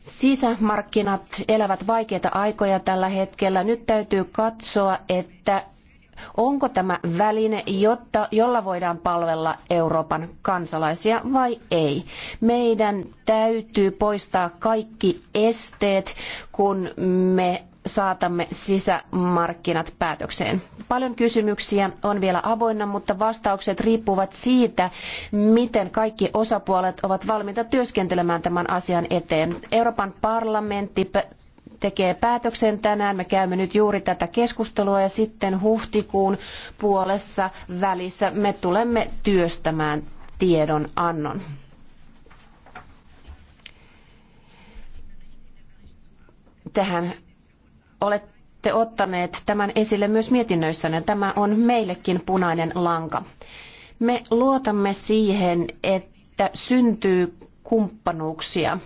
Sisämarkkinat elävät vaikeita aikoja tällä hetkellä. Nyt täytyy katsoa, että Onko tämä väline, jotta, jolla voidaan palvella Euroopan kansalaisia vai ei? Meidän täytyy poistaa kaikki esteet, kun me saatamme sisämarkkinat päätökseen. Paljon kysymyksiä on vielä avoinna, mutta vastaukset riippuvat siitä, miten kaikki osapuolet ovat valmiita työskentelemään tämän asian eteen. Euroopan parlamentti tekee päätöksen tänään. Me käymme nyt juuri tätä keskustelua ja sitten huhtikuun puolessa välissä me tulemme työstämään tiedon annon. Tähän olette ottaneet tämän esille myös mietinnöissänne. Tämä on meillekin punainen lanka. Me luotamme siihen, että syntyy kumppanuuksia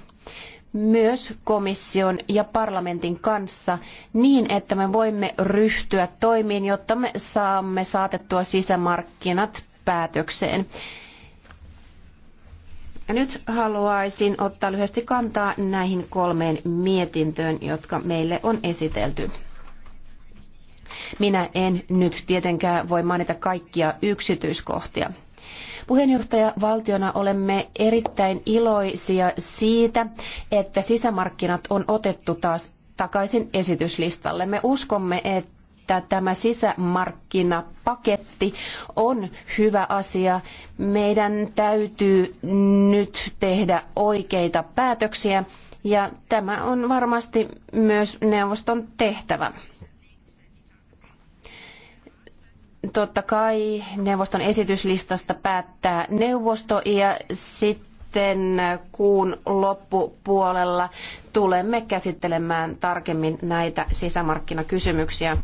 myös komission ja parlamentin kanssa niin, että me voimme ryhtyä toimiin, jotta me saamme saatettua sisämarkkinat päätökseen. Ja nyt haluaisin ottaa lyhyesti kantaa näihin kolmeen mietintöön, jotka meille on esitelty. Minä en nyt tietenkään voi mainita kaikkia yksityiskohtia. Puheenjohtajavaltiona olemme erittäin iloisia siitä, että sisämarkkinat on otettu taas takaisin esityslistalle. Me uskomme, että tämä sisämarkkinapaketti on hyvä asia. Meidän täytyy nyt tehdä oikeita päätöksiä ja tämä on varmasti myös neuvoston tehtävä. totta kai neuvoston esityslistasta päättää neuvosto ja sitten kuun loppupuolella tulemme käsittelemään tarkemmin näitä sisämarkkinakysymyksiä.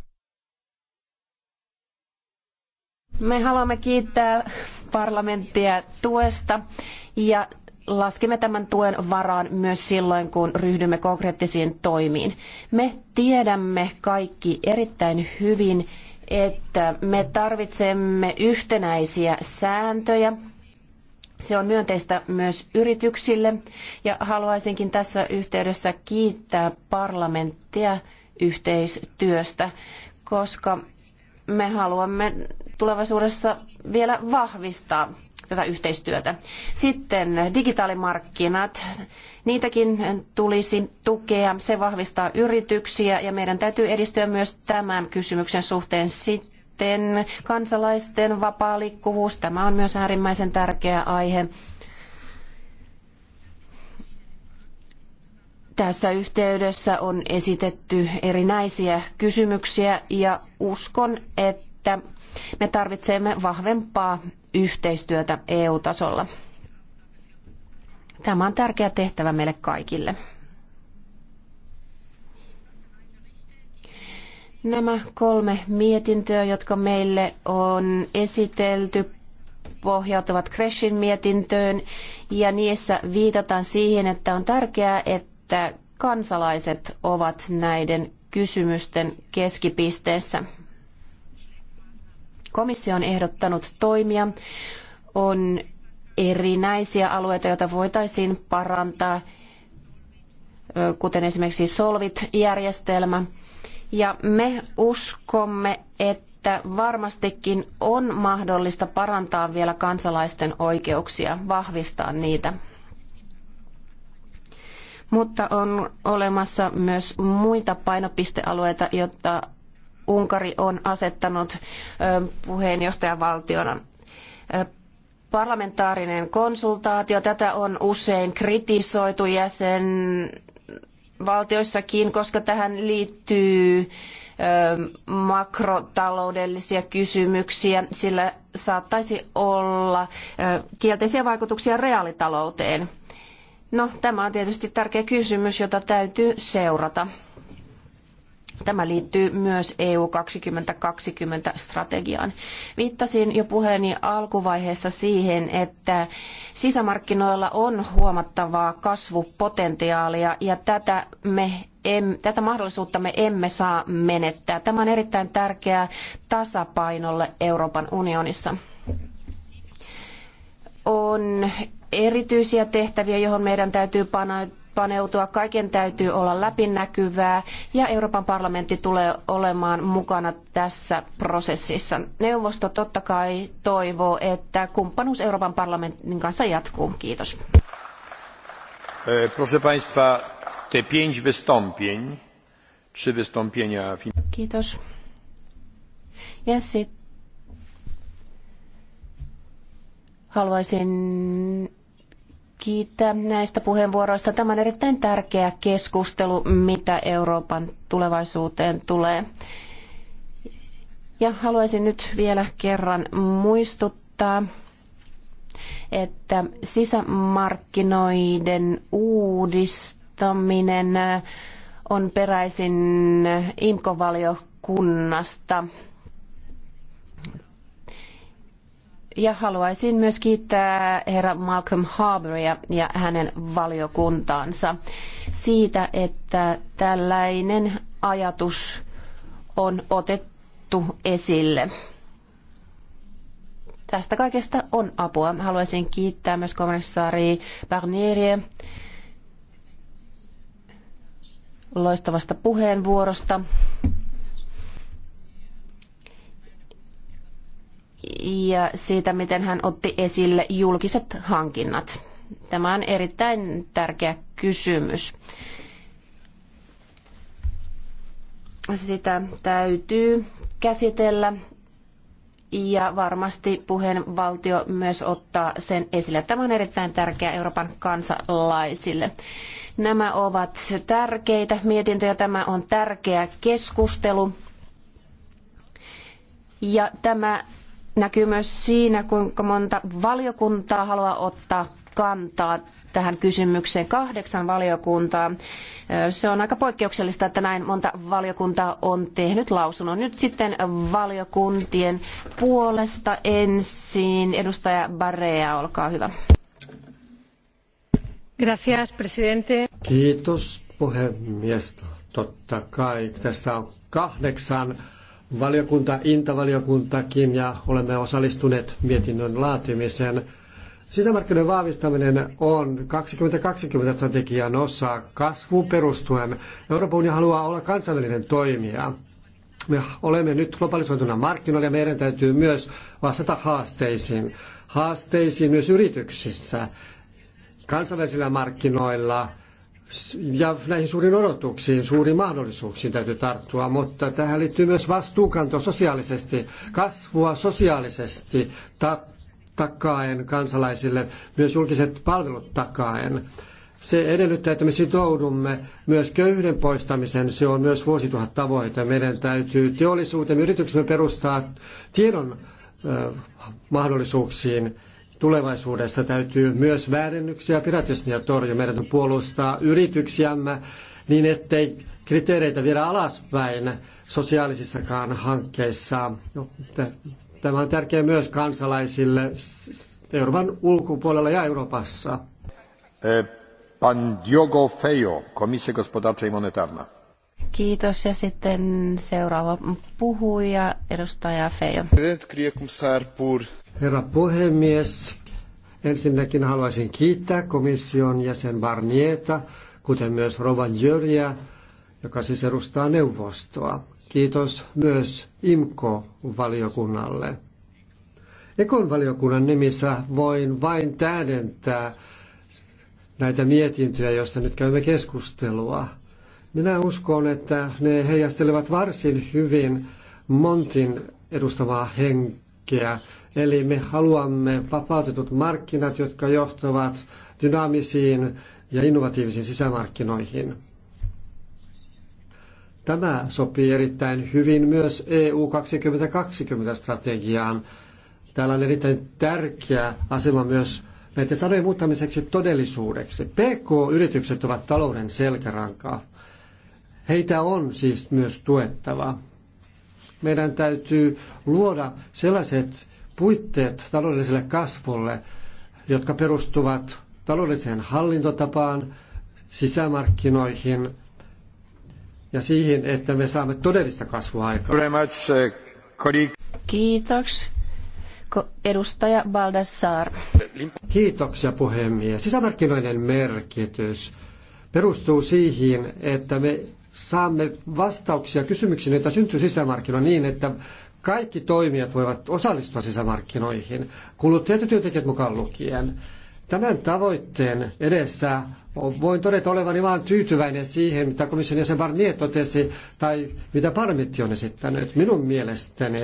Me haluamme kiittää parlamenttia tuesta ja laskemme tämän tuen varaan myös silloin, kun ryhdymme konkreettisiin toimiin. Me tiedämme kaikki erittäin hyvin, että me tarvitsemme yhtenäisiä sääntöjä. Se on myönteistä myös yrityksille ja haluaisinkin tässä yhteydessä kiittää parlamenttia yhteistyöstä, koska me haluamme tulevaisuudessa vielä vahvistaa tätä yhteistyötä. Sitten digitaalimarkkinat. Niitäkin tulisi tukea. Se vahvistaa yrityksiä ja meidän täytyy edistyä myös tämän kysymyksen suhteen sitten kansalaisten vapaa liikkuvuus. Tämä on myös äärimmäisen tärkeä aihe. Tässä yhteydessä on esitetty erinäisiä kysymyksiä ja uskon, että että me tarvitsemme vahvempaa yhteistyötä EU-tasolla. Tämä on tärkeä tehtävä meille kaikille. Nämä kolme mietintöä, jotka meille on esitelty, pohjautuvat Creshin mietintöön ja niissä viitataan siihen, että on tärkeää, että kansalaiset ovat näiden kysymysten keskipisteessä. Komissio on ehdottanut toimia. On erinäisiä alueita, joita voitaisiin parantaa, kuten esimerkiksi Solvit-järjestelmä. Ja me uskomme, että varmastikin on mahdollista parantaa vielä kansalaisten oikeuksia, vahvistaa niitä. Mutta on olemassa myös muita painopistealueita, jotta Unkari on asettanut puheenjohtajavaltiona. Parlamentaarinen konsultaatio, tätä on usein kritisoitu jäsenvaltioissakin, koska tähän liittyy makrotaloudellisia kysymyksiä, sillä saattaisi olla kielteisiä vaikutuksia reaalitalouteen. No, tämä on tietysti tärkeä kysymys, jota täytyy seurata. Tämä liittyy myös EU 2020-strategiaan. Viittasin jo puheeni alkuvaiheessa siihen, että sisämarkkinoilla on huomattavaa kasvupotentiaalia ja tätä, me em, tätä mahdollisuutta me emme saa menettää. Tämä on erittäin tärkeää tasapainolle Euroopan unionissa. On erityisiä tehtäviä, johon meidän täytyy paneutua, kaiken täytyy olla läpinäkyvää ja Euroopan parlamentti tulee olemaan mukana tässä prosessissa. Neuvosto totta kai toivoo, että kumppanuus Euroopan parlamentin kanssa jatkuu. Kiitos. E, proszę Państwa, te pięć wystąpień, trzy wystąpienia... Kiitos. Ja sitten haluaisin kiittää näistä puheenvuoroista. Tämä on erittäin tärkeä keskustelu, mitä Euroopan tulevaisuuteen tulee. Ja haluaisin nyt vielä kerran muistuttaa, että sisämarkkinoiden uudistaminen on peräisin IMKO-valiokunnasta. Ja haluaisin myös kiittää herra Malcolm Harbouria ja hänen valiokuntaansa siitä, että tällainen ajatus on otettu esille. Tästä kaikesta on apua. Haluaisin kiittää myös komissaari Barnieria loistavasta puheenvuorosta ja siitä, miten hän otti esille julkiset hankinnat. Tämä on erittäin tärkeä kysymys. Sitä täytyy käsitellä ja varmasti puheenvaltio myös ottaa sen esille. Tämä on erittäin tärkeä Euroopan kansalaisille. Nämä ovat tärkeitä mietintöjä. Tämä on tärkeä keskustelu. Ja tämä näkyy myös siinä, kuinka monta valiokuntaa haluaa ottaa kantaa tähän kysymykseen. Kahdeksan valiokuntaa. Se on aika poikkeuksellista, että näin monta valiokuntaa on tehnyt lausunnon. Nyt sitten valiokuntien puolesta ensin edustaja Barea, olkaa hyvä. Gracias, presidente. Kiitos, puhemies. Totta kai. Tässä on kahdeksan valiokunta, Intavaliokuntakin ja olemme osallistuneet mietinnön laatimiseen. Sisämarkkinoiden vahvistaminen on 2020 strategian osa kasvuun perustuen. Euroopan unioni haluaa olla kansainvälinen toimija. Me olemme nyt globalisoituna markkinoilla ja meidän täytyy myös vastata haasteisiin. Haasteisiin myös yrityksissä, kansainvälisillä markkinoilla, ja näihin suuriin odotuksiin, suuriin mahdollisuuksiin täytyy tarttua, mutta tähän liittyy myös vastuukanto sosiaalisesti, kasvua sosiaalisesti ta- takaen kansalaisille, myös julkiset palvelut takaen. Se edellyttää, että me sitoudumme myös köyhyyden poistamiseen. Se on myös vuosituhat tavoite. Meidän täytyy teollisuutemme, yrityksemme perustaa tiedon mahdollisuuksiin tulevaisuudessa täytyy myös väärennyksiä ja piratismia torjua. Meidän puolustaa yrityksiämme niin, ettei kriteereitä viedä alaspäin sosiaalisissakaan hankkeissa. No, tämä on tärkeää myös kansalaisille Euroopan ulkopuolella ja Euroopassa. E, pan Diogo Feio, komissio Gospodarcza i Monetarna. Kiitos ja sitten seuraava puhuja, edustaja Feio. Herra puhemies, ensinnäkin haluaisin kiittää komission jäsen Barnieta, kuten myös Rova Jörjä, joka siis edustaa neuvostoa. Kiitos myös IMKO-valiokunnalle. Ekon valiokunnan nimissä voin vain tähdentää näitä mietintöjä, joista nyt käymme keskustelua. Minä uskon, että ne heijastelevat varsin hyvin Montin edustamaa henkeä, Eli me haluamme vapautetut markkinat, jotka johtavat dynaamisiin ja innovatiivisiin sisämarkkinoihin. Tämä sopii erittäin hyvin myös EU 2020-strategiaan. Täällä on erittäin tärkeä asema myös näiden sanojen muuttamiseksi todellisuudeksi. PK-yritykset ovat talouden selkärankaa. Heitä on siis myös tuettava. Meidän täytyy luoda sellaiset puitteet taloudelliselle kasvulle, jotka perustuvat taloudelliseen hallintotapaan, sisämarkkinoihin ja siihen, että me saamme todellista kasvua aikaan. Uh, Kiitos. Edustaja Baldassar. Kiitoksia puhemies. Sisämarkkinoiden merkitys perustuu siihen, että me saamme vastauksia kysymyksiin, joita syntyy sisämarkkinoilla niin, että kaikki toimijat voivat osallistua sisämarkkinoihin, kuluttajat ja työntekijät mukaan lukien. Tämän tavoitteen edessä voin todeta olevani vain tyytyväinen siihen, mitä komission jäsen Barnier totesi tai mitä Parmitti on esittänyt. Minun mielestäni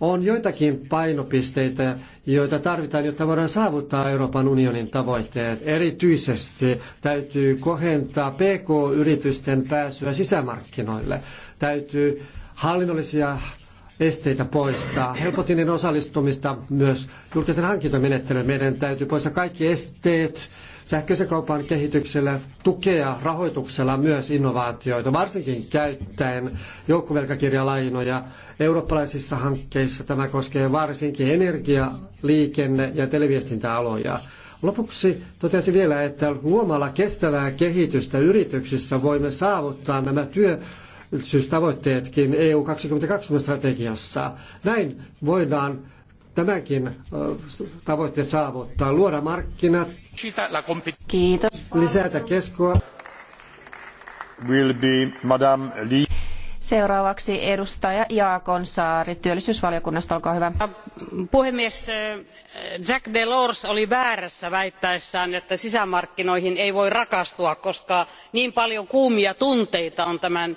on joitakin painopisteitä, joita tarvitaan, jotta voidaan saavuttaa Euroopan unionin tavoitteet. Erityisesti täytyy kohentaa PK-yritysten pääsyä sisämarkkinoille. Täytyy hallinnollisia esteitä poistaa. Helpotinen osallistumista myös julkisen hankintamenettelyyn. Meidän täytyy poistaa kaikki esteet sähköisen kaupan kehityksellä, tukea rahoituksella myös innovaatioita, varsinkin käyttäen joukkovelkakirjalainoja. Eurooppalaisissa hankkeissa tämä koskee varsinkin energia-, liikenne- ja televiestintäaloja. Lopuksi totesin vielä, että luomalla kestävää kehitystä yrityksissä voimme saavuttaa nämä työ yksityistavoitteetkin EU 2020 strategiassa. Näin voidaan tämänkin tavoitteet saavuttaa. Luoda markkinat, Kiitos. lisätä keskoa. Will be Madame Lee. Seuraavaksi edustaja Jaakon Saari työllisyysvaliokunnasta, olkaa hyvä. Puhemies, Jack Delors oli väärässä väittäessään, että sisämarkkinoihin ei voi rakastua, koska niin paljon kuumia tunteita on tämän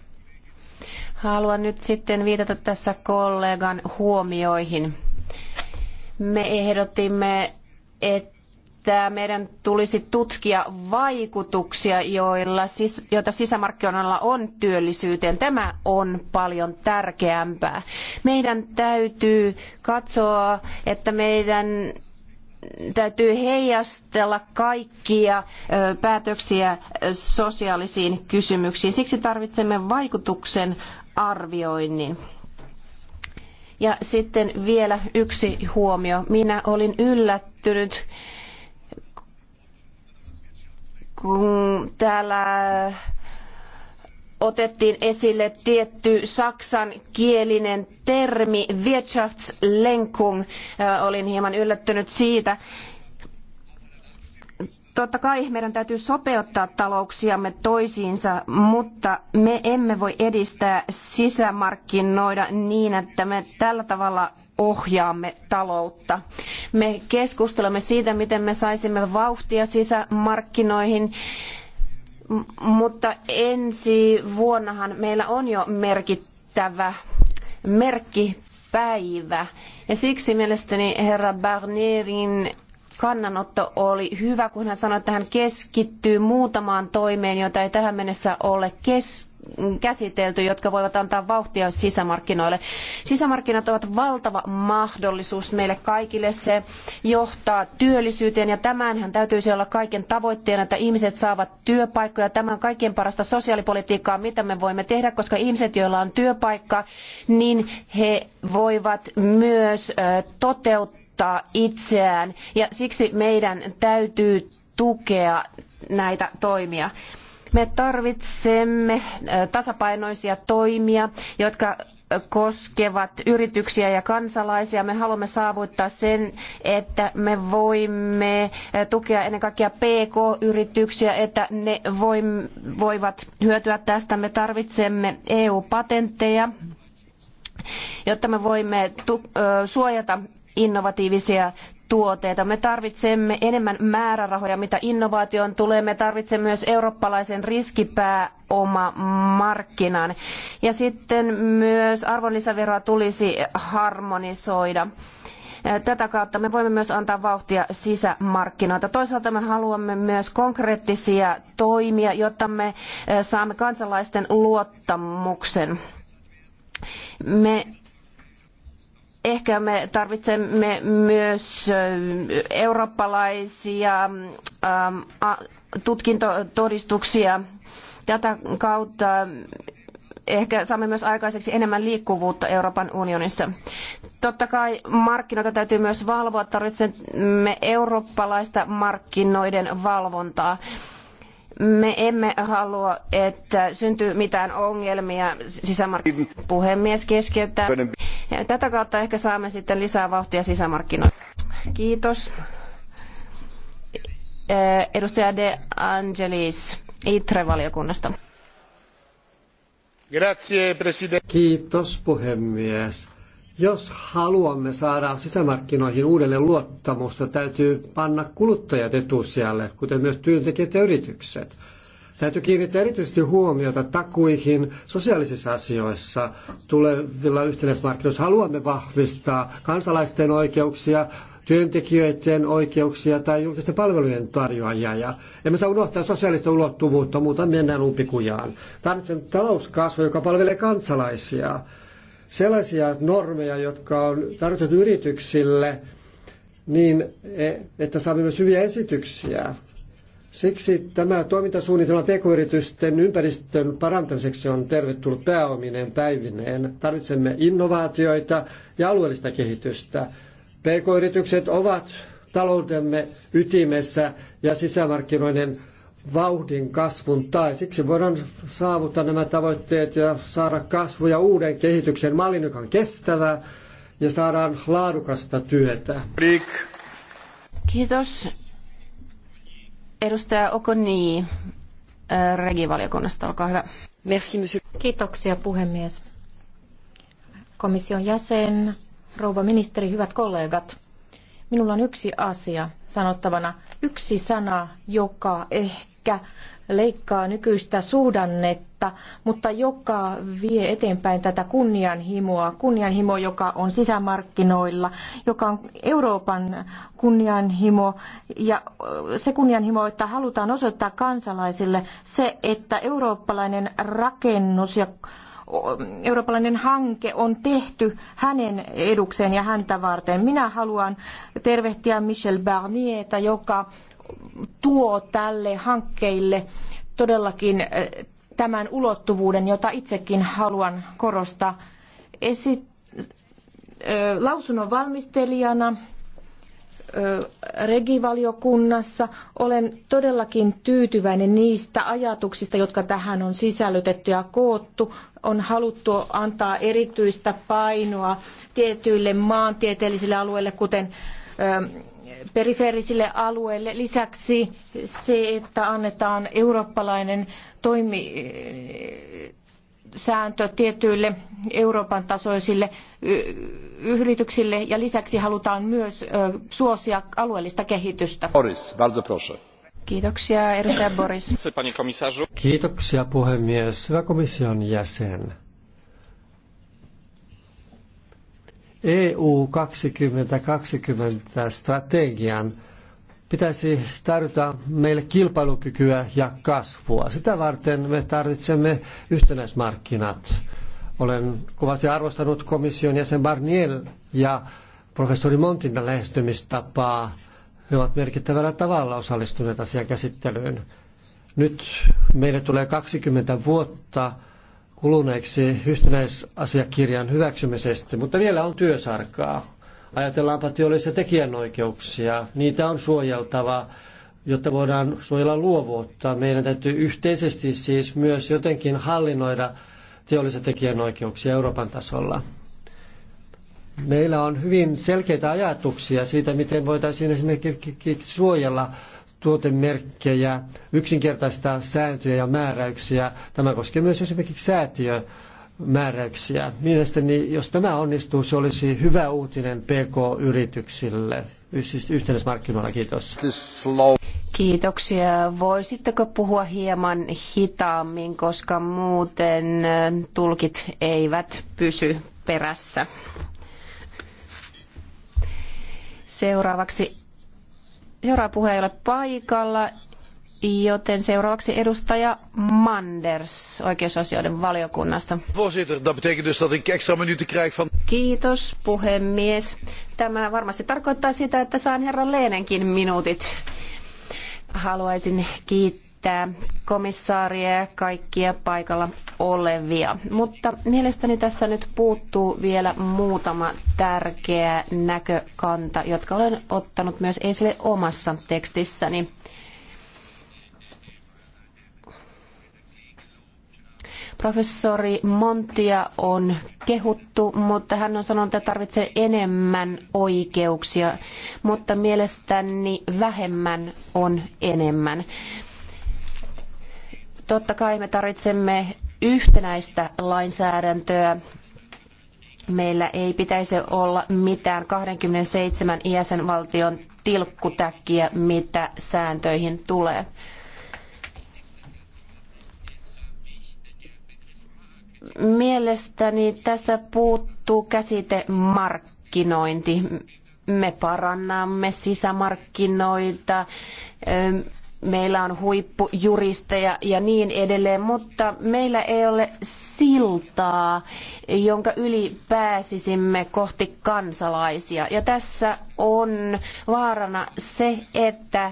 Haluan nyt sitten viitata tässä kollegan huomioihin. Me ehdotimme, että meidän tulisi tutkia vaikutuksia, joilla, joita sisämarkkinoilla on työllisyyteen. Tämä on paljon tärkeämpää. Meidän täytyy katsoa, että meidän täytyy heijastella kaikkia päätöksiä sosiaalisiin kysymyksiin. Siksi tarvitsemme vaikutuksen arvioinnin. Ja sitten vielä yksi huomio. Minä olin yllättynyt, kun täällä otettiin esille tietty saksankielinen termi Wirtschaftslenkung. Olin hieman yllättynyt siitä. Totta kai meidän täytyy sopeuttaa talouksiamme toisiinsa, mutta me emme voi edistää sisämarkkinoida niin, että me tällä tavalla ohjaamme taloutta. Me keskustelemme siitä, miten me saisimme vauhtia sisämarkkinoihin, mutta ensi vuonnahan meillä on jo merkittävä merkkipäivä. Ja siksi mielestäni herra Barnierin kannanotto oli hyvä, kun hän sanoi, että hän keskittyy muutamaan toimeen, jota ei tähän mennessä ole kes- käsitelty, jotka voivat antaa vauhtia sisämarkkinoille. Sisämarkkinat ovat valtava mahdollisuus meille kaikille. Se johtaa työllisyyteen ja tämänhän täytyisi olla kaiken tavoitteena, että ihmiset saavat työpaikkoja. Tämä on kaikkien parasta sosiaalipolitiikkaa, mitä me voimme tehdä, koska ihmiset, joilla on työpaikka, niin he voivat myös toteuttaa auttaa itseään ja siksi meidän täytyy tukea näitä toimia. Me tarvitsemme tasapainoisia toimia, jotka koskevat yrityksiä ja kansalaisia. Me haluamme saavuttaa sen, että me voimme tukea ennen kaikkea PK-yrityksiä, että ne voivat hyötyä tästä. Me tarvitsemme EU-patentteja jotta me voimme suojata innovatiivisia tuotteita. Me tarvitsemme enemmän määrärahoja, mitä innovaatioon tulee. Me tarvitsemme myös eurooppalaisen riskipääomamarkkinan. Ja sitten myös arvonlisäveroa tulisi harmonisoida. Tätä kautta me voimme myös antaa vauhtia sisämarkkinoita. Toisaalta me haluamme myös konkreettisia toimia, jotta me eh, saamme kansalaisten luottamuksen. Me Ehkä me tarvitsemme myös eurooppalaisia ähm, tutkintotodistuksia. Tätä kautta äh, ehkä saamme myös aikaiseksi enemmän liikkuvuutta Euroopan unionissa. Totta kai markkinoita täytyy myös valvoa. Tarvitsemme eurooppalaista markkinoiden valvontaa. Me emme halua, että syntyy mitään ongelmia sisämarkkinoiden puhemies keskeyttää. Ja tätä kautta ehkä saamme sitten lisää vauhtia sisämarkkinoille. Kiitos. Eh, edustaja De Angelis ITRE-valiokunnasta. Kiitos puhemies. Jos haluamme saada sisämarkkinoihin uudelleen luottamusta, täytyy panna kuluttajat etusijalle, kuten myös työntekijät ja yritykset. Täytyy kiinnittää erityisesti huomiota takuihin sosiaalisissa asioissa tulevilla yhtenäismarkkinoilla. Haluamme vahvistaa kansalaisten oikeuksia, työntekijöiden oikeuksia tai julkisten palvelujen tarjoajia. Ja emme saa unohtaa sosiaalista ulottuvuutta, muuta mennään umpikujaan. Tarvitsemme talouskasvua, joka palvelee kansalaisia. Sellaisia normeja, jotka on tarjottu yrityksille, niin e, että saamme myös hyviä esityksiä. Siksi tämä toimintasuunnitelma pk-yritysten ympäristön parantamiseksi on tervetullut pääominen päivineen. Tarvitsemme innovaatioita ja alueellista kehitystä. PK-yritykset ovat taloutemme ytimessä ja sisämarkkinoiden vauhdin kasvun tai. Siksi voidaan saavuttaa nämä tavoitteet ja saada kasvu ja uuden kehityksen mallin, joka on kestävä ja saadaan laadukasta työtä. Kiitos. Edustaja Okoni eh, regivaliokunnasta, olkaa hyvä. Merci, monsieur. Kiitoksia puhemies. Komission jäsen, rouva ministeri, hyvät kollegat. Minulla on yksi asia sanottavana, yksi sana, joka ehkä leikkaa nykyistä suhdannetta, mutta joka vie eteenpäin tätä kunnianhimoa, kunnianhimo, joka on sisämarkkinoilla, joka on Euroopan kunnianhimo ja se kunnianhimo, että halutaan osoittaa kansalaisille se, että eurooppalainen rakennus ja eurooppalainen hanke on tehty hänen edukseen ja häntä varten. Minä haluan tervehtiä Michel Barnierta, joka tuo tälle hankkeille todellakin eh, tämän ulottuvuuden, jota itsekin haluan korostaa. Esi- eh, lausunnon valmistelijana eh, regivaliokunnassa. Olen todellakin tyytyväinen niistä ajatuksista, jotka tähän on sisällytetty ja koottu. On haluttu antaa erityistä painoa tietyille maantieteellisille alueille, kuten perifeerisille alueille. Lisäksi se, että annetaan eurooppalainen toimi, sääntö tietyille Euroopan tasoisille yrityksille ja lisäksi halutaan myös suosia alueellista kehitystä. Boris, bardzo proszę. Kiitoksia, edustaja Boris. Kiitoksia, puhemies. Hyvä komission jäsen. EU 2020 strategian pitäisi tarjota meille kilpailukykyä ja kasvua. Sitä varten me tarvitsemme yhtenäismarkkinat. Olen kovasti arvostanut komission jäsen Barnier ja professori Montin lähestymistapaa. He ovat merkittävällä tavalla osallistuneet asian käsittelyyn. Nyt meille tulee 20 vuotta kuluneeksi yhtenäisasiakirjan hyväksymisestä, mutta vielä on työsarkaa. Ajatellaanpa teollisia tekijänoikeuksia. Niitä on suojeltava, jotta voidaan suojella luovuutta. Meidän täytyy yhteisesti siis myös jotenkin hallinnoida teollisia tekijänoikeuksia Euroopan tasolla. Meillä on hyvin selkeitä ajatuksia siitä, miten voitaisiin esimerkiksi suojella tuotemerkkejä, yksinkertaistaa sääntöjä ja määräyksiä. Tämä koskee myös esimerkiksi säätiö määräyksiä. Mielestäni, jos tämä onnistuu, se olisi hyvä uutinen PK-yrityksille, siis yhteismarkkinoilla. Kiitos. Kiitoksia. Voisitteko puhua hieman hitaammin, koska muuten tulkit eivät pysy perässä. Seuraavaksi Seuraava puhuja ei ole paikalla, joten seuraavaksi edustaja Manders oikeusasioiden valiokunnasta. Voorzitter, dat betekent dus dat ik extra minuten krijg van... Kiitos puhemies. Tämä varmasti tarkoittaa sitä, että saan herran Leenenkin minuutit. Haluaisin kiittää kiittää komissaaria ja kaikkia paikalla olevia. Mutta mielestäni tässä nyt puuttuu vielä muutama tärkeä näkökanta, jotka olen ottanut myös esille omassa tekstissäni. Professori Montia on kehuttu, mutta hän on sanonut, että tarvitsee enemmän oikeuksia, mutta mielestäni vähemmän on enemmän. Totta kai me tarvitsemme yhtenäistä lainsäädäntöä. Meillä ei pitäisi olla mitään 27 jäsenvaltion tilkkutäkkiä, mitä sääntöihin tulee. Mielestäni tästä puuttuu käsite markkinointi. Me parannamme sisämarkkinoita, meillä on huippujuristeja ja niin edelleen, mutta meillä ei ole siltaa, jonka yli pääsisimme kohti kansalaisia. Ja tässä on vaarana se, että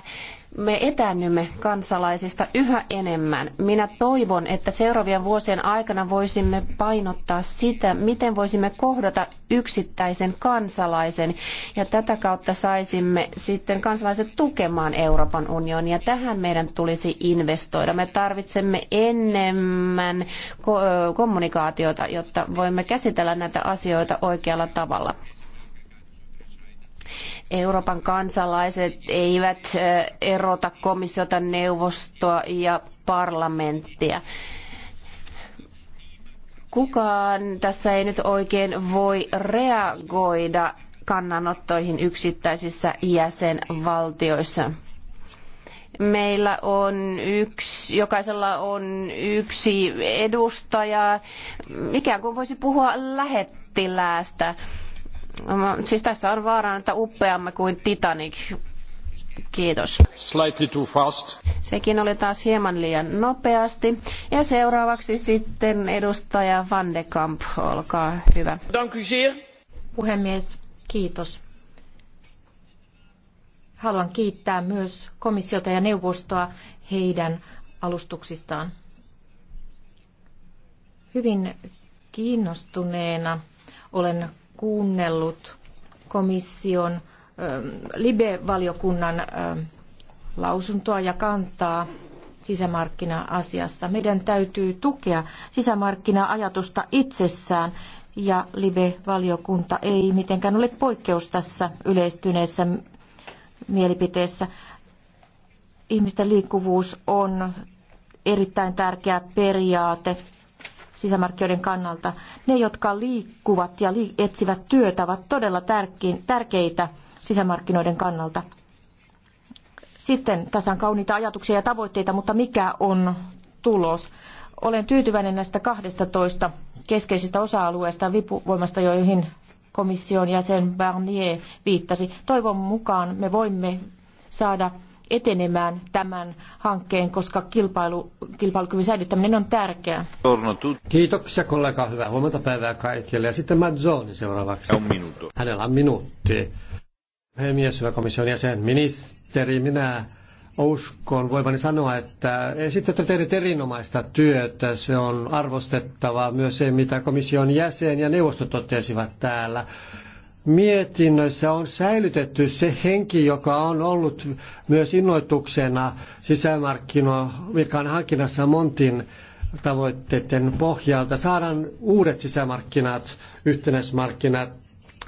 me etäännymme kansalaisista yhä enemmän. Minä toivon, että seuraavien vuosien aikana voisimme painottaa sitä, miten voisimme kohdata yksittäisen kansalaisen ja tätä kautta saisimme sitten kansalaiset tukemaan Euroopan unionia. Tähän meidän tulisi investoida. Me tarvitsemme enemmän kommunikaatiota, jotta voimme käsitellä näitä asioita oikealla tavalla. Euroopan kansalaiset eivät erota komissiota, neuvostoa ja parlamenttia. Kukaan tässä ei nyt oikein voi reagoida kannanottoihin yksittäisissä jäsenvaltioissa. Meillä on yksi, jokaisella on yksi edustaja, ikään kuin voisi puhua lähettiläästä. Siis tässä on vaarana, että uppeamme kuin Titanic. Kiitos. Slightly too fast. Sekin oli taas hieman liian nopeasti. Ja seuraavaksi sitten edustaja Van de Kamp, olkaa hyvä. Dank u zeer. Puhemies, kiitos. Haluan kiittää myös komissiota ja neuvostoa heidän alustuksistaan. Hyvin kiinnostuneena olen kuunnellut komission LIBE-valiokunnan lausuntoa ja kantaa sisämarkkina-asiassa. Meidän täytyy tukea sisämarkkina-ajatusta itsessään ja LIBE-valiokunta ei mitenkään ole poikkeus tässä yleistyneessä mielipiteessä. Ihmisten liikkuvuus on erittäin tärkeä periaate sisämarkkinoiden kannalta. Ne, jotka liikkuvat ja etsivät työtä, ovat todella tärkeitä sisämarkkinoiden kannalta. Sitten tässä on kauniita ajatuksia ja tavoitteita, mutta mikä on tulos? Olen tyytyväinen näistä 12 keskeisistä osa-alueista vipuvoimasta, joihin komission jäsen Barnier viittasi. Toivon mukaan me voimme saada etenemään tämän hankkeen, koska kilpailu, kilpailukyvyn säilyttäminen on tärkeää. Kiitoksia kollega, hyvää huomenta päivää kaikille. Ja sitten Mazzoni seuraavaksi. On minuutti. Hänellä on minuutti. Mies, hyvä komission jäsen, ministeri, minä uskon voivani sanoa, että esittätte tehnyt erinomaista työtä. Se on arvostettavaa myös se, mitä komission jäsen ja neuvosto totesivat täällä mietinnössä on säilytetty se henki, joka on ollut myös innoituksena sisämarkkinoiden hankinnassa Montin tavoitteiden pohjalta. Saadaan uudet sisämarkkinat, yhtenäismarkkinat,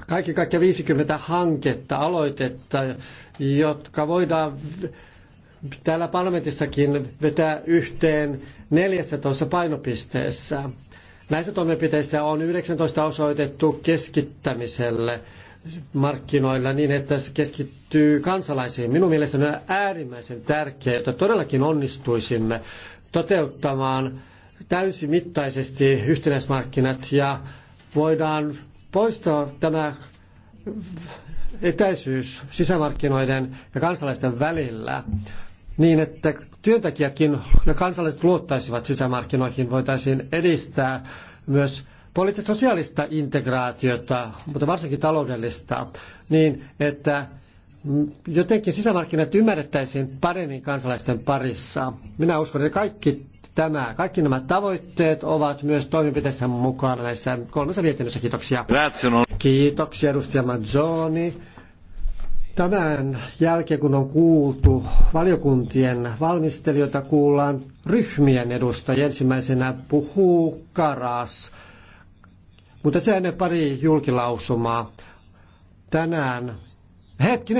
kaikki kaikkiaan 50 hanketta, aloitetta, jotka voidaan täällä parlamentissakin vetää yhteen 14 painopisteessä. Näissä toimenpiteissä on 19 osoitettu keskittämiselle markkinoilla niin, että se keskittyy kansalaisiin. Minun mielestäni on äärimmäisen tärkeää, että todellakin onnistuisimme toteuttamaan täysimittaisesti yhtenäismarkkinat ja voidaan poistaa tämä etäisyys sisämarkkinoiden ja kansalaisten välillä niin, että työntekijätkin ja kansalaiset luottaisivat sisämarkkinoihin, voitaisiin edistää myös poliittista sosiaalista integraatiota, mutta varsinkin taloudellista, niin että jotenkin sisämarkkinat ymmärrettäisiin paremmin kansalaisten parissa. Minä uskon, että kaikki tämä, kaikki nämä tavoitteet ovat myös toimenpiteissä mukana näissä kolmessa vietinnössä. Kiitoksia. No- Kiitoksia edustaja Mazzoni. Tämän jälkeen, kun on kuultu valiokuntien valmistelijoita, kuullaan ryhmien edustajia. Ensimmäisenä puhuu Karas, mutta se ennen pari julkilausumaa. Tänään, hetkinen,